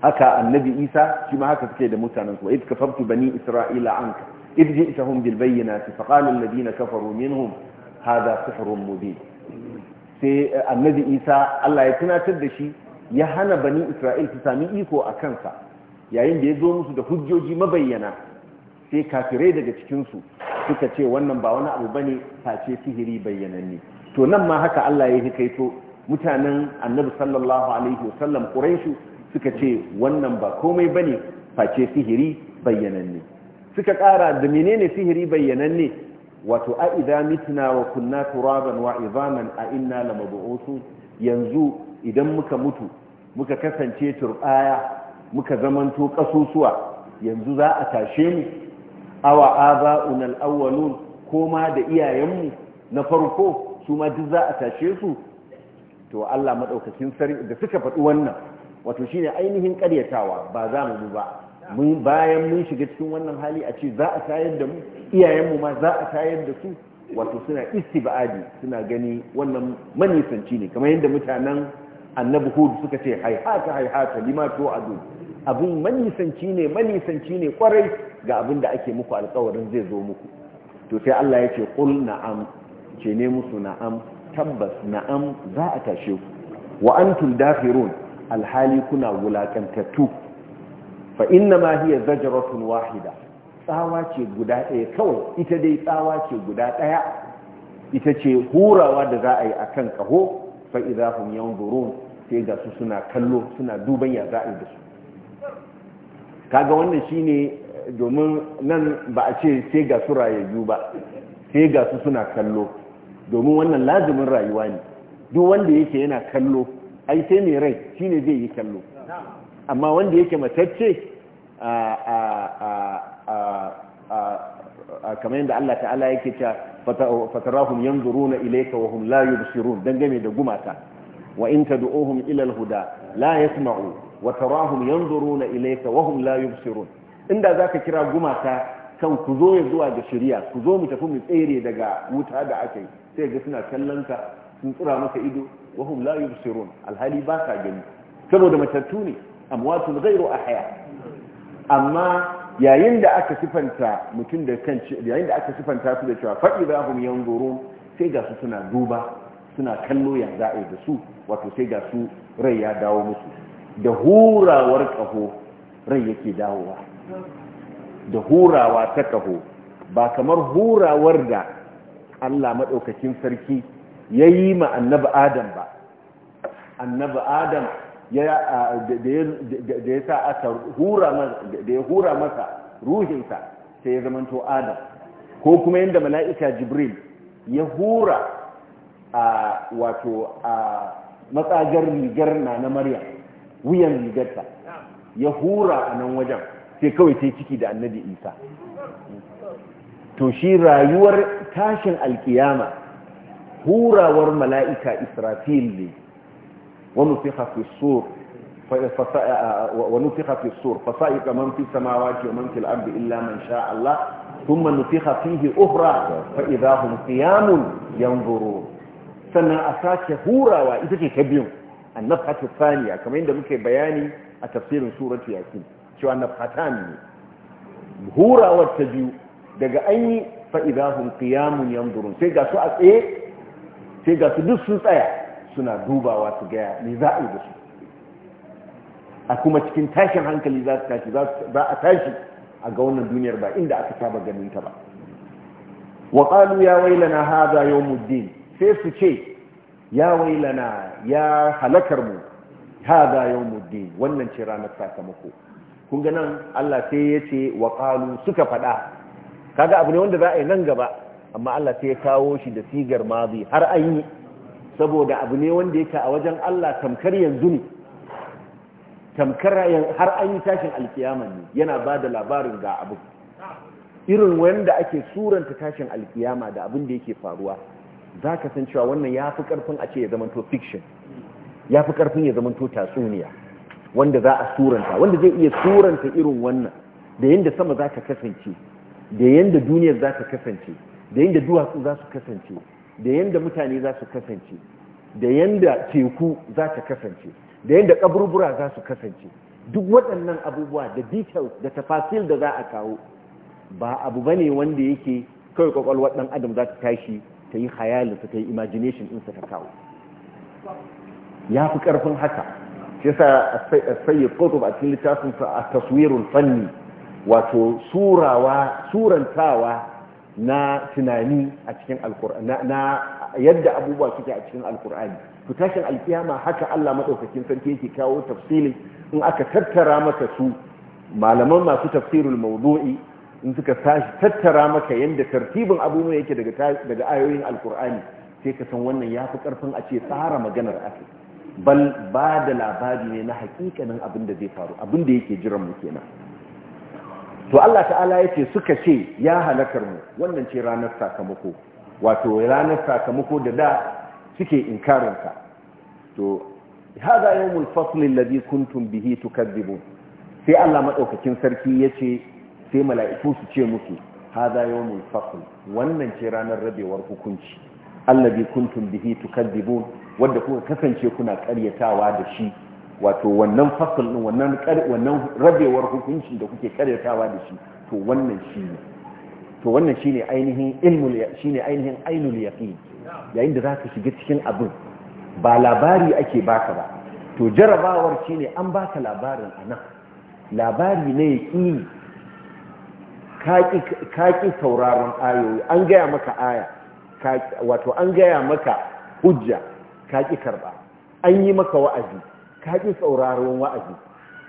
Speaker 1: haka annabi isa shima haka suke da mutanen su id kafartu bani isra'ila anka id ji'tahum bil bayyinati faqala alladhina kafaru minhum hadha sihrun mubin sai eh, annabi isa allah ya tunatar da shi ya hana bani isra'il su sami iko a kansa yayin da ya zo musu da hujjoji mabayyana sai kafirai daga cikinsu suka ce wannan ba wani abu bane face sihiri bayyananne to nan ma haka allah ya hikaito mutanen annabi sallallahu alaihi wasallam ƙuraishu suka ce wannan ba komai bane face sihiri bayyananne suka ƙara da menene sihiri bayyananne wato a idan mitina wa kunna turaban wa izaman a inna lamab'usun yanzu idan muka mutu muka kasance turbaya muka zamanto kasusuwa yanzu za a tashe mu awa aba'una al-awwalun koma da iyayenmu na farko su ma duk za a tashe su to Allah madaukakin sarki da suka faɗi wannan wato shine ainihin ƙaryatawa ba za mu ba bayan mun shiga cikin wannan hali a ce za a tayar da mu iyayenmu ma za a tayar da su wato suna istibadi suna gani wannan manisanci ne kamar yadda mutanen annabi hudu suka ce haihata haihata lima to adu abin manisanci ne manisanci ne kwarai ga abin da ake muku alkawarin zai zo muku to sai Allah ya ce qul na'am ce ne musu na'am tabbas na'am za a tashe ku wa antum dafirun alhali kuna wulakantattu fa inna ma hiya wahida tsawa ce guda ɗaya kawai ita dai tsawa ce guda ɗaya ita ce hurawa da za a yi akan kaho fa idza hum yanzurun sai ga su suna kallo suna duban ya za a yi da su kaga wannan shine domin nan ba a ce sai ga su rayayyu ba sai ga su suna kallo domin wannan lazumin rayuwa ne duk wanda yake yana kallo ai sai mai rai shi ne zai yi kallo amma wanda yake matacce kamar yadda Allah ta'ala yake ta fatarahum yanzuruna ilayka wa layu la yubsirun dangane da gumata wa in tad'uhum ila ilal huda la yasma'u wa tarahum yanzuruna ilayka wa hum la yubsirun inda zaka kira gumata kan ku zo ya zuwa ga shirya ku zo mu tafi mu tsere daga wuta da ake sai ga suna kallon ka sun tsura maka ido wa layu la alhali ba ka gani saboda matattu ne amwatu ghairu ahya amma yayin da aka sifanta mutum da kan yayin da aka sifanta su da cewa faɗi za hum yanzurun sai ga su suna duba suna kallo yanzu za'a da su wato sai ga su rai ya dawo musu da hurawar kaho rai yake dawowa da hurawa ta kaho ba kamar hurawar da Allah maɗaukakin sarki yayi ma annabi Adam ba annabi Adam da ya sa aka hura masa ruhinsa sai ya zamanto adam ko kuma yadda mala'ika jibril ya hura a wato a matsagar rigar na na maryam wuyan rigarta ya hura a nan wajen sai kawai sai ciki da annabi isa to shi rayuwar tashin alkiyama hurawar mala'ika israfil ne ونفخ في الصور ونفخ في الصور فصائق من في السماوات ومن في الأرض إلا من شاء الله ثم نفخ فيه أخرى فإذا هم قيام ينظرون سنة أساك هورا وإذا كبير النفخة الثانية كما عندما كي بياني التفسير سورة ياسين شو النفختان هورا والتجيو دقا أي فإذا هم قيام ينظرون سيقا سؤال إيه سيقا سدس ايه suna dubawa su gaya me za a yi da su a kuma cikin tashin hankali za su tashi za a tashi a ga wannan duniyar ba inda aka saba ganin ta ba wa qalu ya wailana hadha yawmuddin sai su ce ya wailana ya halakar mu hadha yawmuddin wannan ce ranar sakamako kun ga nan Allah sai ya ce wa qalu suka fada kaga abu ne wanda za a yi nan gaba amma Allah sai ya kawo shi da sigar mazi har an yi saboda abu ne wanda yake a wajen Allah tamkar yanzu ne tamkar har an yi tashin alkiyama ne yana ba da labarin ga abu irin wanda ake suranta tashin alkiyama da abin da yake faruwa za ka san cewa wannan ya fi karfin a ce ya zamanto fiction ya fi karfin ya zamanto tatsuniya wanda za a suranta wanda zai iya suranta irin wannan da yadda sama za ka kasance da yadda duniyar za ka kasance da yadda duwatsu za su kasance da yanda mutane za su kasance da yanda teku za ta kasance da yanda kaburbura za su kasance duk waɗannan abubuwa da details da tafasil da za a kawo ba abu ba ne wanda yake kawai kwakwalwar ɗan adam za ta tashi ta yi hayalin ta yi imagination ɗinsa ta kawo ya fi ƙarfin haka shi a sayyid qutb a cikin littafin sa a taswirul fanni wato surawa surantawa na tunani a cikin alkur'ani na yadda abubuwa suke a cikin alkur'ani to tashin alkiyama haka Allah madaukakin sarki yake kawo tafsilin in aka tattara maka su malaman masu tafsirul mawdu'i in suka tattara maka yadda tartibin abubuwa yake daga daga ayoyin alkur'ani sai ka san wannan yafi karfin a ce tsara maganar ake bal ba da labari ne na hakikanin abin da zai faru abin da yake jiran mu kenan to Allah ta'ala yace suka ce ya halakar mu wannan ce ranar sakamako wato ranar sakamako da da suke inkarin ka to haza yawmul fasl alladhi kuntum bihi tukadzibun sai Allah madaukakin sarki yace sai mala'iku su ce musu hada yawmul fasl wannan ce ranar rabewar hukunci alladhi kuntum bihi tukadzibun wanda kuka kasance kuna karyatawa da shi wato wannan fasal din wannan wannan rabewar hukunci da kuke karyatawa da shi to wannan shine to wannan shine ainihin ilmul shine ainihin ainul yaqin yayin da zaka shiga cikin abin ba labari ake baka ba to jarabawar shine an baka labarin anan labari ne yaqini kaki sauraron ayoyi an gaya maka aya wato an gaya maka hujja ka ki karba an yi maka wa'azi ka ji sauraron wa'azi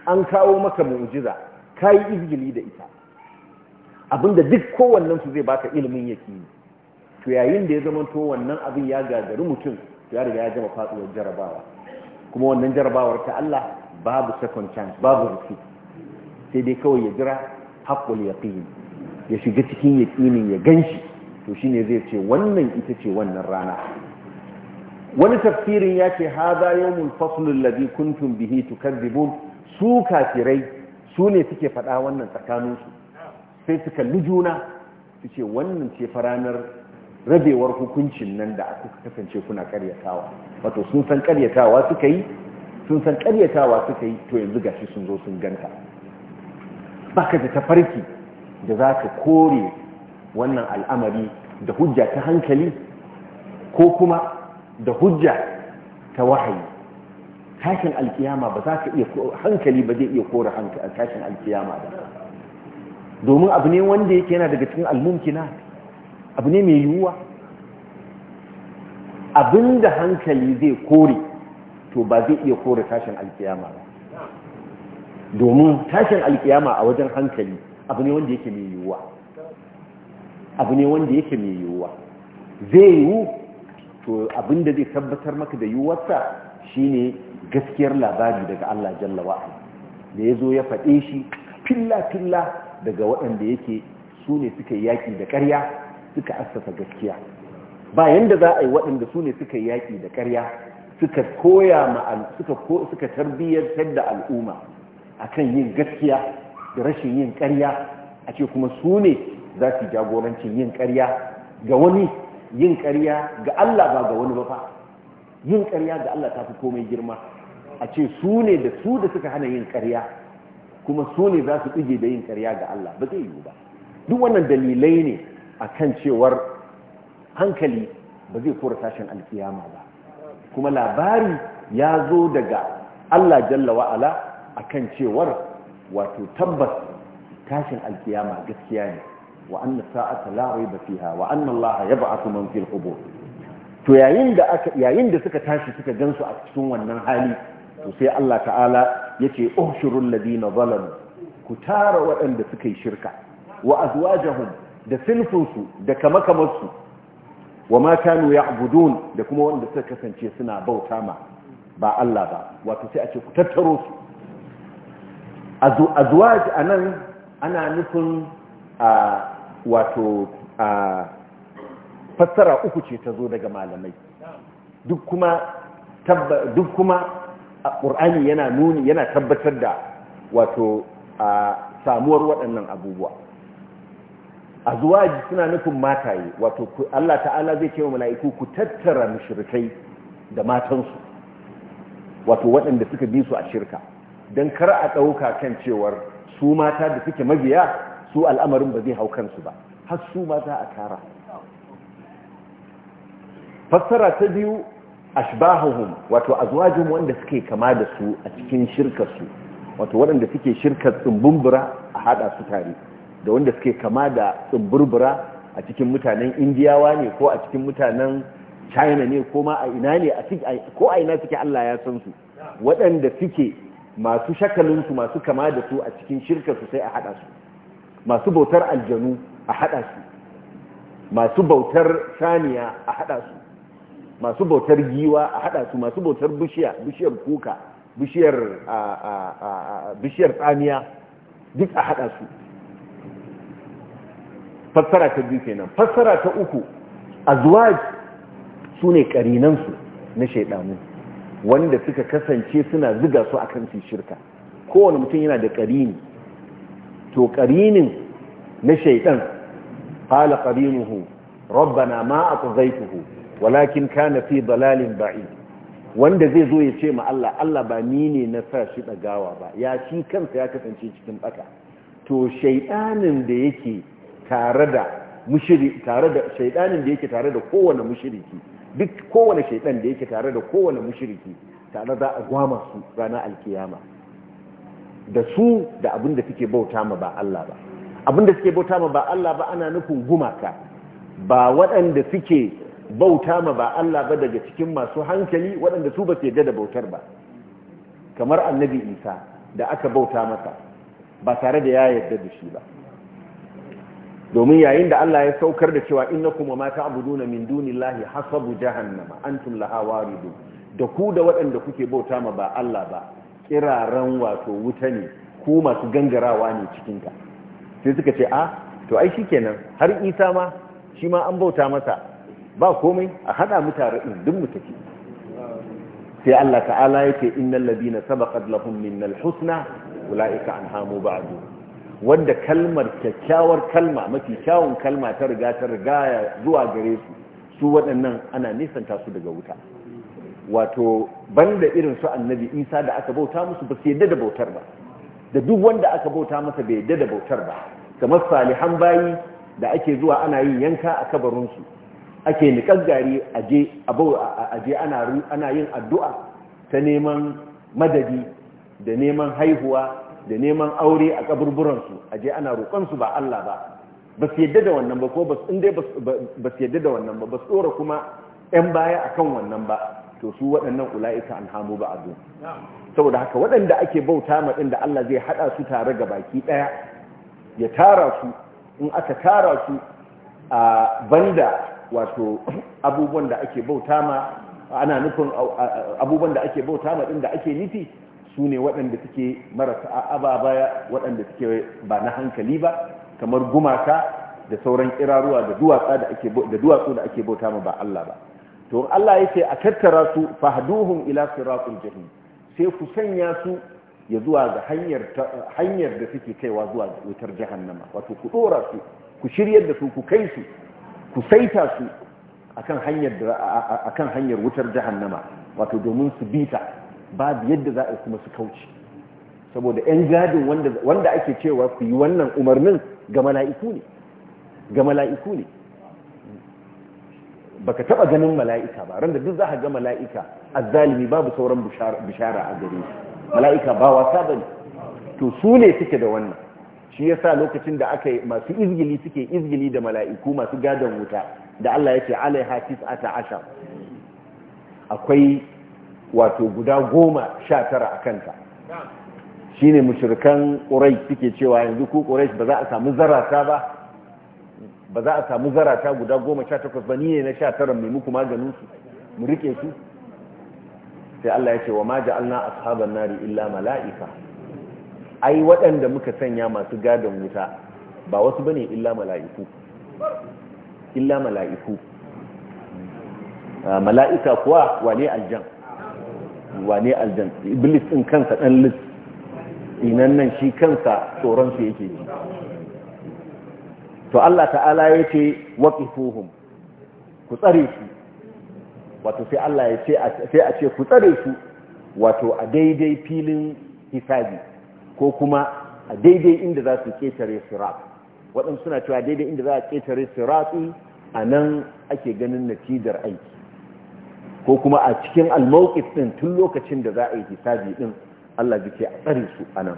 Speaker 1: an kawo maka mu'ujiza, ka yi izgili da ita abinda duk kowannen su zai baka ilimin yi to yayin da ya zama to wannan abin ya gagari mutum to ya riga ya gama fatsuwar jarabawa kuma wannan jarabawar ta Allah babu second chance babu rufi sai dai kawai ya jira haqqul yaqin ya shiga cikin yaƙinin ya ganshi to shine zai ce wannan ita ce wannan rana wani tafsirin ya ce haza yawmul faslul ladhi kuntum bihi tukadzibun su kafirai su ne suke faɗa wannan tsakaninsu sai su kalli juna su ce wannan ce faranar rabewar hukuncin nan da aka kasance kuna karyatawa wato sun san karyatawa suka yi sun san karyatawa suka yi to yanzu gashi sun zo sun ganta baka da tafarki da za ka kore wannan al'amari da hujja ta hankali ko kuma da hujja ta wahayi tashin alkiyama ba za ka iya hankali ba zai iya kora tashin alkiyama ba domin abu ne wanda yake yana daga cikin almumkina abu ne mai yiwuwa da hankali zai kore to ba zai iya kore tashin alkiyama ba domin tashin alkiyama a wajen hankali abu ne wanda yake mai yiwuwa abu ne wanda yake mai yiwuwa zai yiwu to abin da zai tabbatar maka da yiwuwarsa shine gaskiyar labari daga Allah jalla wa'ala da ya zo ya faɗe shi filla-filla daga waɗanda yake su ne suka yaƙi da ƙarya suka assasa gaskiya bayan da za a yi waɗanda su ne suka yaƙi da ƙarya suka koya ma suka tarbiyyar da al'umma akan yin gaskiya da rashin yin ƙarya a ce kuma su ne za su jagorancin yin ƙarya ga wani yin ƙarya ga Allah ba ga wani ba fa yin ƙarya ga Allah ta fi komai girma a ce su ne da su da suka hana yin ƙarya kuma su ne za su ɗige da yin ƙarya ga Allah ba zai yiwu ba duk wannan dalilai ne a kan cewar hankali ba zai kora tashin alkiyama ba kuma labari ya zo daga Allah jalla wa'ala a kan cewar wato tabbas tashin alkiyama gaskiya ne وأن الساعة لا larai فيها وأن الله يبعث من في to yayin da aka yayin da suka tashi suka gansu a cikin wannan hali to sai Allah ta'ala oh uhshurul ladina zalamu ku tara waɗanda suka yi shirka wa azwajahum da silfunsu da kamakamarsu wa ma kanu ya'budun da kuma wanda suka kasance suna bauta ma ba Allah ba wato sai a ce ku tattaro su a nan ana nufin a wato a fassara uku ce ta zo daga malamai duk kuma a ƙur'ani yana nuni yana tabbatar da wato a samuwar waɗannan abubuwa a zuwa suna nufin mataye wato Allah ta'ala zai ce mala'iku ku tattara mushrikai da matansu wato waɗanda suka bi su a shirka don kar a ɗauka kan cewar su mata da suke mabiya su al'amarin ba zai hau kansu ba har su ma za a kara fassara ta biyu ashbahuhum wato azwajin wanda suke kama da su a cikin shirkar su wato waɗanda suke shirkar tsumbumbura a hada su tare da wanda suke kama da tsumbumbura a cikin mutanen indiyawa ne ko a cikin mutanen china ne ko ma a ina ne ko a ina suke allah ya san su waɗanda suke masu shakalinsu masu kama da su a cikin shirkar su sai a hada su masu bautar aljanu a hada su masu bautar saniya a hada su masu bautar giwa a hada su masu bautar bishiya bishiyar kuka bishiyar bishiyar tsamiya duk a hada su fassara ta biyu kenan fassara ta uku azwaj su ne karinansu na shaidanu wanda suka kasance suna ziga su akan su shirka kowane mutum yana da karini to qarinin na shaytan qala qarinuhu rabbana ma atghaytuhu walakin kana fi dalalin ba'id wanda zai zo ya ce ma Allah Allah ba ni ne na sa shi dagawa ba ya shi kansa ya kasance cikin baka to shaytanin da yake tare da mushiri tare da shaytanin da yake tare da kowane mushiriki duk kowane shaiɗan da yake tare da kowane mushiriki, tare za a gwama su ranar alkiyama da su da abin da suke bauta ma ba Allah ba abin da suke bauta ma ba Allah ba ana nufin gumaka ba waɗanda suke bauta ma ba Allah ba daga cikin masu hankali waɗanda su ba ke gada da bautar ba kamar annabi isa da aka bauta masa ba tare da ya yarda da shi ba domin yayin da Allah ya saukar da cewa inna wa ma ta'buduna min dunillahi hasabu jahannama antum laha da ku da waɗanda kuke bauta ma ba Allah ba kiraran wato wuta ne ko masu gangarawa ne cikinta sai suka ce a to ai shikenan har isa ma shi ma an bauta masa ba komai a hada mu tare din duk mu tafi sai Allah ta'ala yake innal ladina sabaqat lahum minnal husna ulaika anhamu ba'du wanda kalmar kyakkyawar kalma mafi kyawun kalma ta riga ta riga zuwa gare su su waɗannan ana nisanta su daga wuta wato banda irin su annabi isa da aka bauta musu ba su yadda da bautar ba da duk wanda aka bauta masa bai yadda da bautar ba kamar salihan bayi da ake zuwa ana yin yanka a kabarinsu ake niƙar gari a je ana yin addu'a ta neman madadi da neman haihuwa da neman aure a kaburburansu a je ana roƙonsu ba Allah ba ba su yadda da wannan ba ko ba su yadda da wannan ba ba su tsora kuma 'yan baya akan wannan ba to su waɗannan ula'ika an hamu ba abu saboda haka waɗanda ake bauta ma ɗin da Allah zai haɗa su tare ga baki ɗaya ya tara su in aka tara su a banda wato *clears throat* abubuwan da ake bauta ma ana nufin abubuwan da ake bauta ma ɗin da ake nufi su ne waɗanda suke marasa ababaya, waɗanda suke ba na hankali ba kamar gumaka da sauran kiraruwa da duwatsu da ake bauta ma ba Allah ba to Allah yake a tattara su fahduhum ila siratul jahim sai ku sanya su ya zuwa ga hanyar hanyar da suke kaiwa zuwa wutar jahannama wato ku dora su ku shiryar da su ku kai su ku saita su akan hanyar akan hanyar wutar jahannama wato domin su bita babu yadda za a kuma su kauce saboda yan gadin wanda wanda ake cewa ku yi wannan umarnin ga mala'iku ne ga mala'iku ne baka taba ganin mala'ika ba randa duk za ka ga mala'ika azzalimi babu sauran bishara a gare shi mala'ika ba wasa bane to su ne suke da wannan shi yasa lokacin da aka masu izgili suke izgili da mala'iku masu gadon wuta da Allah yake alaiha tis'ata Asha akwai wato guda goma sha tara a kanta shine mushrikan quraish suke cewa yanzu ku quraish ba za a samu zarata ba ba za a samu zarata guda goma sha takwas ba ni ne na sha tara mai muku maganin su mu rike su sai Allah ya ce wa ma ja'alna ashaban nari illa mala'ika ai waɗanda muka sanya masu gadon wuta ba wasu bane illa mala'iku illa mala'iku ah, mala'ika kuwa wane aljan wane aljan iblis din kansa dan lis inan nan shi kansa tsoron su yake ji to Allah ta'ala ya ce waqifuhum ku tsare su wato sai Allah ya ce a ce ku tsare su wato a daidai filin hisabi ko kuma a daidai inda za su ketare sirat waɗansu suna cewa daidai inda za a ketare sirati a nan ake ganin natijar aiki ko kuma a cikin almauƙif ɗin tun lokacin da za a yi hisabi ɗin Allah ji ce a tsare su a nan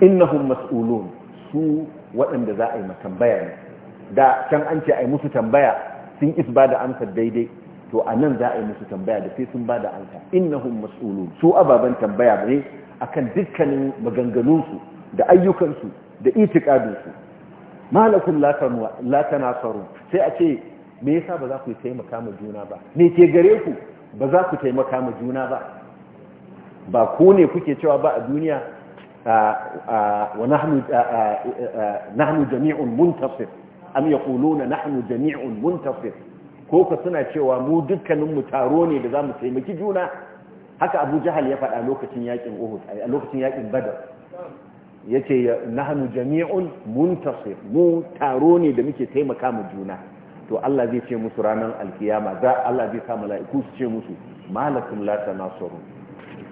Speaker 1: innahum mas'ulun su waɗanda za a yi tambaya ne da can an ce a yi musu tambaya sun is ba da amsar daidai to a nan za a yi musu tambaya da sai sun ba da amsa hun matsulu su ababen tambaya ne a kan dukkanin maganganunsu da ayyukansu da itikadunsu malakun latana sai a ce me yasa ba za ku taimaka ma juna ba me ke gare ku ba za ku taimaka ma juna ba ba ku ne kuke cewa ba a duniya ونحن نحن جميع منتصر am yaquluna nahnu jami'un muntasir ko ka suna cewa mu dukkanin mu taro ne da zamu taimaki juna haka abuja Jahal ya faɗa lokacin yakin Uhud a lokacin yakin bada yace nahnu jami'un muntasir mu taro ne da muke taimaka juna to Allah zai ce musu ranar alkiyama za Allah zai sa mala'iku su ce musu malakum la tanasuru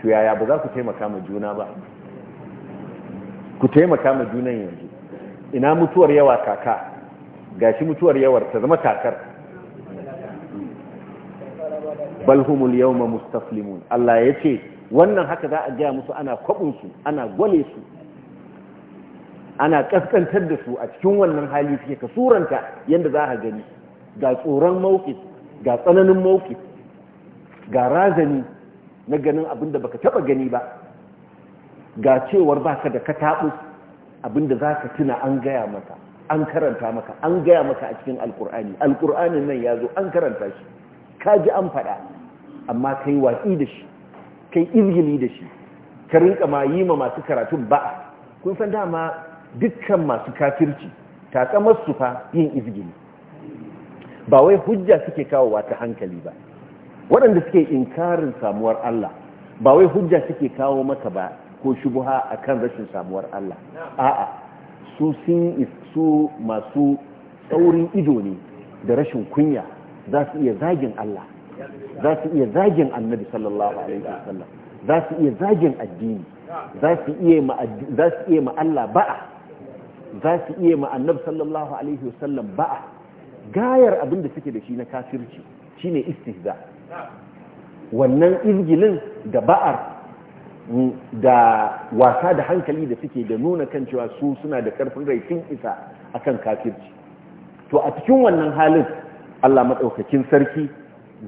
Speaker 1: to yaya ba za ku taimaka mu juna ba ku taimaka ma junan yanzu ina mutuwar yawa kaka gashi mutuwar yawar ta zama kakar balhumul yawma mustaslimun Allah ya ce wannan haka za a gaya musu ana kwabun su ana gwale su ana kaskantar da su a cikin wannan hali suke ka suranta yadda za a gani ga tsoron mauqif ga tsananin mauqif ga razani na ganin abinda da baka taba gani ba ga cewar baka da kataɓus abinda za ka tuna an gaya maka an karanta maka an gaya maka a cikin alkur'ani alkur'anin nan ya zo an karanta shi ka ji an faɗa amma ka yi watsi da shi ka yi izgili da shi ka rinka ma yi ma masu karatun ba'a kun san dama dukkan masu kafirci takamar su fa yin izgili ba wai hujja suke kawo wata hankali ba waɗanda suke inkarin samuwar Allah ba wai hujja suke kawo maka ba ko a akan rashin samuwar Allah a'a su sun su masu saurin ido ne da rashin kunya za su iya zagin Allah za su iya zagin annabi sallallahu alaihi wasallam za su iya zagin addini za su iya ma Allah ba'a za su iya ma annabi sallallahu alaihi wasallam ba'a gayar abin da suke da shi na kafirci shine istihza wannan izgilin da ba'ar da wasa da hankali da suke da nuna kan cewa su suna da karfin rai sun isa a kan kafirci to a cikin wannan halin Allah matsaukakin sarki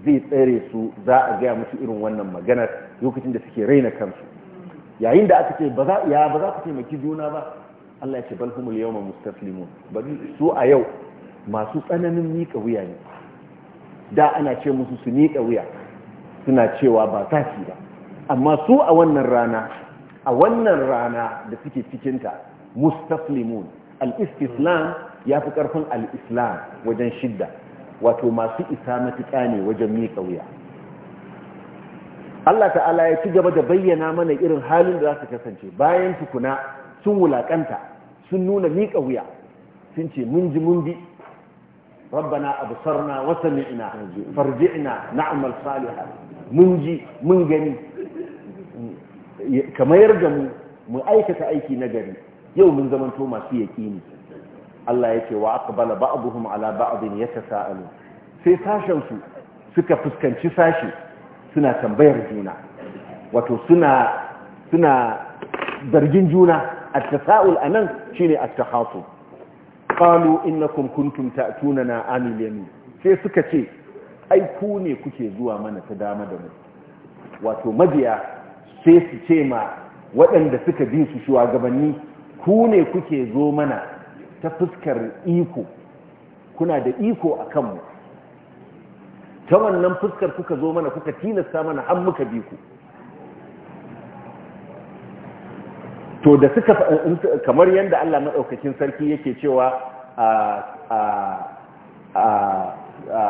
Speaker 1: zai tsere su za a gaya musu irin wannan maganar lokacin da suke raina kansu yayin da aka ce ba za ya ba za ku taimaki juna ba Allah ya ce bal humul yawma mustaslimun bari su a yau masu tsananin miƙa wuya ne da ana ce musu su miƙa wuya suna cewa ba za su ba amma su a wannan rana a wannan rana da suke cikinta mustaflimun al islam ya fi ƙarfin al-islam wajen shidda wato masu isa matuƙa ne wajen miƙa wuya Allah ta'ala ya ci gaba da bayyana mana irin halin da za su kasance bayan tukuna sun wulaƙanta sun nuna miƙa wuya sun ce mun ji mun bi rabbana absarna wa sami'na farji'na na'mal salihan mun ji mun gani ka mayar da mu mu aikata aiki na gari yau mun zamanto masu yaƙini Allah ya ce wa aqbala ba'dhum ala ba'dhin yatasaalu sai sashen su suka fuskanci sashi suna tambayar juna wato suna suna zargin juna at-tasa'ul anan shine at-takhasub qalu innakum kuntum ta'tunana anil yamin sai suka ce ai ku ne kuke zuwa mana ta dama da mu wato mabiya sai su ce ma waɗanda suka bi su shugabanni ku ne kuke zo mana ta fuskar iko kuna da iko a kanmu ta wannan fuskar kuka zo mana kuka tilasta mana an muka bi ku to da suka kamar yadda Allah maɗaukakin sarki yake cewa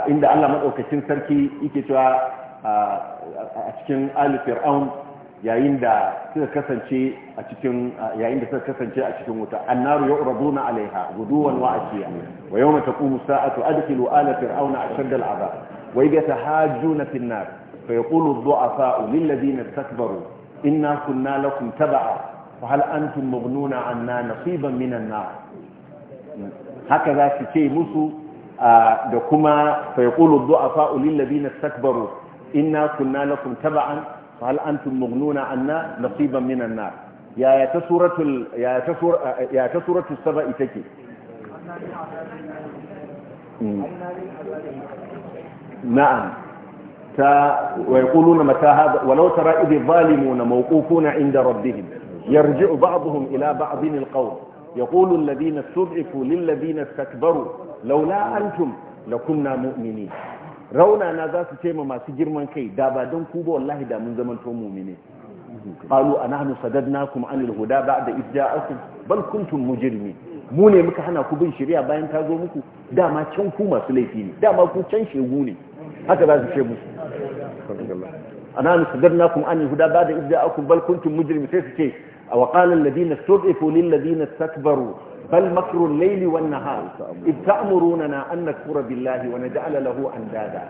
Speaker 1: inda Allah maɗaukakin sarki yake cewa a cikin alifir'aun yayin da suka kasance a cikin yayin da suka kasance a cikin wuta annaru yu'raduna alaiha guduwan wa ashiya wa yawma taqumu sa'atu adkhilu ala fir'auna ashadda al'azab wa idha tahajjuna fi an-nar fa yaqulu ad-du'afa'u lil ladina istakbaru inna kunna lakum tab'a fa hal antum mughnuna 'anna nasiban min an-nar haka za su ce musu da kuma fa yaqulu ad-du'afa'u lil ladina istakbaru inna kunna lakum tab'an فهل أنتم مغنون عنا نصيبا من النار يا تسورة يا تسورة يا تسورة السبع تكي نعم ويقولون متى هذا ولو ترى إذ الظالمون موقوفون عند ربهم يرجع بعضهم إلى بعض القول يقول الذين استضعفوا للذين استكبروا لولا أنتم لكنا مؤمنين raunana za su ce ma masu girman kai da ba don ku ba wallahi da mun zama to mumine qalu da ba anil huda ba'da idja'akum bal kuntum mujrimin mu ne muka hana ku bin shari'a bayan ta zo muku dama can ku masu laifi ne dama ku can shegu ne
Speaker 2: haka za su ce musu
Speaker 1: da ba anil huda ba'da idja'akum bal kuntum mujrimin sai su ce wa qala alladhina istud'ifu lil ladina istakbaru بل مكر الليل والنهار إذ تأمروننا أن نكفر بالله ونجعل له أندادا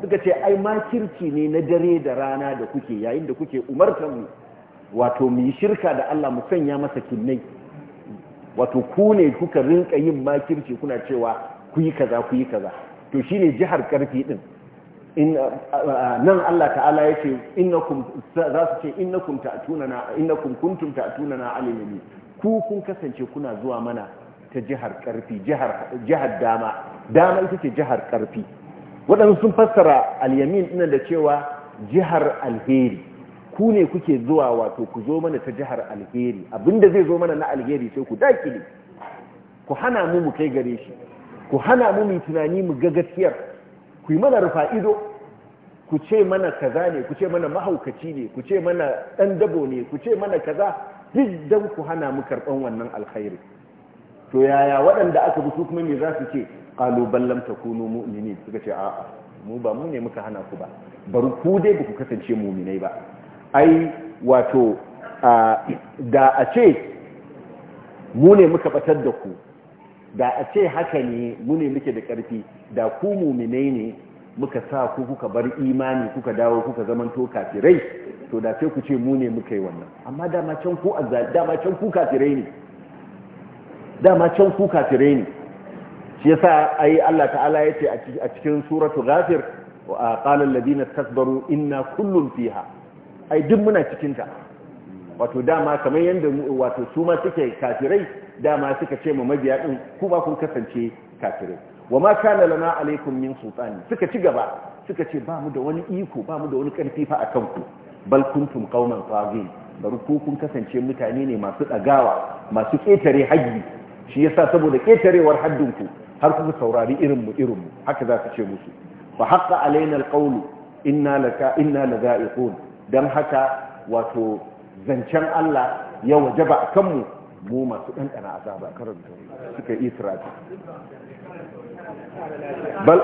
Speaker 1: suka ce ai ma kirki ne na dare da rana da kuke yayin da kuke umartar mu wato mu yi shirka da Allah mu sanya masa kinnai wato ku ne kuka rinka yin ma kirki kuna cewa ku yi kaza ku yi kaza to shine jihar karfi din nan Allah ta'ala yace innakum za su ce innakum ta'tunana innakum kuntum ta'tunana alimi ku kun kasance kuna zuwa mana ta jihar karfi jihar dama dama ita ce jihar karfi waɗansu sun fassara alyamin ina da cewa jihar alheri ku ne kuke zuwa wato ku zo mana ta jihar alheri abinda zai zo mana na alheri sai ku dakile ku hana mu mu kai gare shi ku hana mu mu tunani mu ga gaskiyar ku yi mana rufa ido ku ce mana kaza ne ku ce mana mahaukaci ne ku ce mana dan dabo ne ku ce mana kaza duk dan ku hana mu karɓan wannan alkhairi to yaya waɗanda aka bi su kuma me za su ce qalu bal lam takunu mu'minin suka ce a'a mu ba mu ne muka hana ku ba bari ku dai ba ku kasance mu'minai ba ai wato da a ce mu ne muka batar da ku da a ce haka ne mu ne muke da ƙarfi da ku mu'minai ne muka sa ku kuka bar imani kuka dawo kuka zamanto kafirai to da sai ku ce mu ne muka yi wannan amma dama can ku azzali dama can ku ne dama can ku kafire ne shi yasa ai Allah ta'ala yace a cikin suratul ghafir qala alladhina istakbaru inna kullun fiha ai duk muna cikin ta wato dama kamar yanda wato su ma suke kafirai dama suka ce mu mabiya din ku ba kun kasance kafirai wa ma kana lana alaikum min sultani suka ci gaba suka ce ba mu da wani iko ba mu da wani karfi fa akan ku bal kuntum qauman taghin bari ku kun kasance mutane ne masu dagawa masu ketare haddi shi yasa saboda ketarewar haddin ku har kuka saurari irin mu irin mu haka za ku ce musu fa haqqa alaina alqawlu inna laka inna laga'iqun dan haka wato zancen Allah ya wajaba a kanmu mu masu ɗanɗana azaba karanta
Speaker 3: suka isra'i bal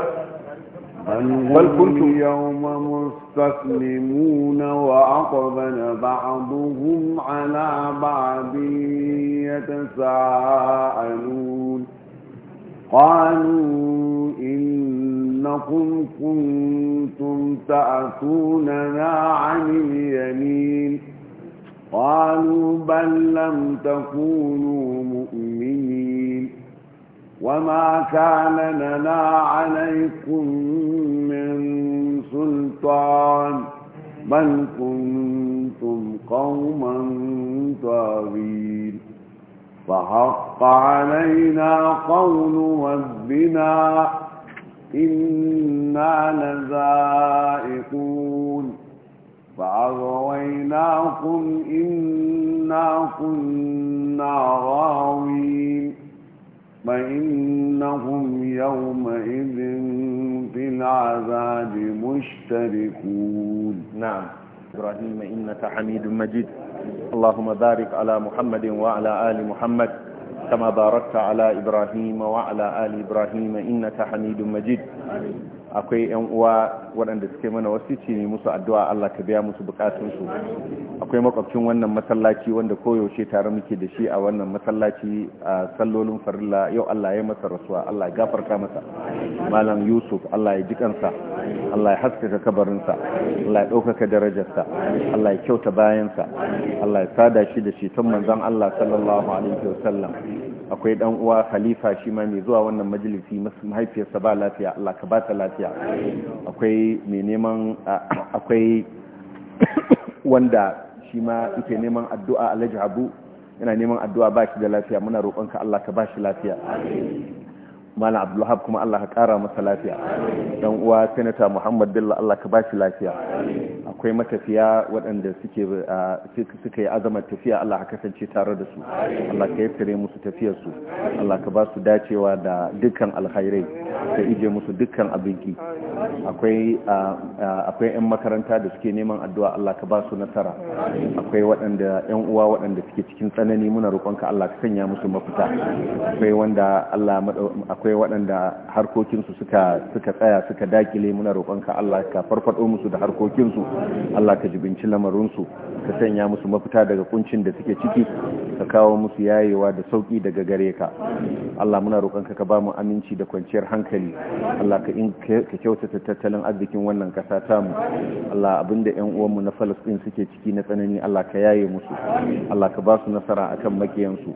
Speaker 3: بل كنتم يوم مستسلمون وأقبل بعضهم على بعض يتساءلون قالوا إنكم كنتم تأتوننا عن اليمين قالوا بل لم تكونوا مؤمنين وما كان لنا عليكم من سلطان بل كنتم قوما طاغين فحق علينا قول ربنا إنا لذائقون فأغويناكم إنا كنا غاوين فإنهم يومئذ في العذاب مشتركون نعم إبراهيم إنك حميد مجيد
Speaker 1: اللهم بارك على محمد وعلى آل محمد كما باركت على إبراهيم وعلى آل إبراهيم إنك حميد مجيد آمين. akwai yan uwa waɗanda suke mana wasu ci ne musu addu'a Allah ka biya musu bukatunsu akwai makwabcin wannan masallaci wanda koyaushe tare muke da shi a wannan masallaci a sallolin farilla yau Allah ya masa rasuwa Allah ya gafarta masa malam Yusuf Allah ya jikansa Allah ya haskaka kabarinsa Allah ya ɗaukaka darajarsa Allah ya kyauta bayansa Allah ya sada shi da shi tun manzon Allah sallallahu alaihi wasallam akwai dan uwa khalifa shi ma mai zuwa wannan majalisi mahaifiyarsa ba lafiya Allah ka ba ta lafiya akwai mai neman akwai *coughs* wanda shi ma yake neman addu'a Alhaji Habu yana neman addu'a ba shi da lafiya muna roƙonka Allah ka ba shi lafiya malam abdullahab kuma Allah ka kara masa lafiya dan uwa senator muhammad bello Allah ka ba shi lafiya akwai matafiya waɗanda suke suka yi azamar tafiya Allah ka kasance tare da su Allah ka tare musu tafiyarsu Allah ka ba su dacewa da dukkan alkhairai ka ije musu dukkan abinki akwai akwai yan makaranta da suke neman addu'a Allah ka ba su nasara akwai waɗanda yan uwa waɗanda suke cikin tsanani muna roƙonka Allah ka sanya musu mafita akwai wanda Allah akwai waɗanda harkokinsu suka suka tsaya suka dakile muna roƙonka Allah ka farfado musu da harkokinsu. Allah ka jibinci lamarinsu ka sanya musu mafita daga kuncin da suke ciki ka kawo musu yayewa da sauki daga gare ka Allah muna roƙonka ka ba mu aminci da kwanciyar hankali Allah ka in ka kyautata tattalin arzikin wannan ƙasa ta mu Allah abinda ƴan uwanmu na Palestine suke ciki na tsanani Allah ka yaye musu Allah ka ba su nasara akan makiyansu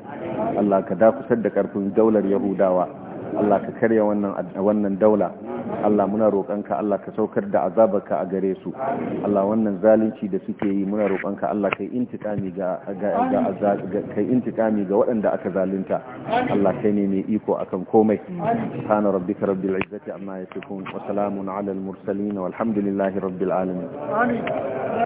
Speaker 1: Allah ka da kusar da ƙarfin daular Yahudawa Allah ka karya wannan daula Allah muna roƙonka Allah ka saukar da azabarka a gare su Allah wannan zalunci da suke yi muna roƙonka Allah kai intikami ga ga intikami ga waɗanda aka zalunta Allah kai ne mai iko akan komai subhana rabbika rabbil izzati amma yasifun wa salamun ala al mursalin walhamdulillahi rabbil alamin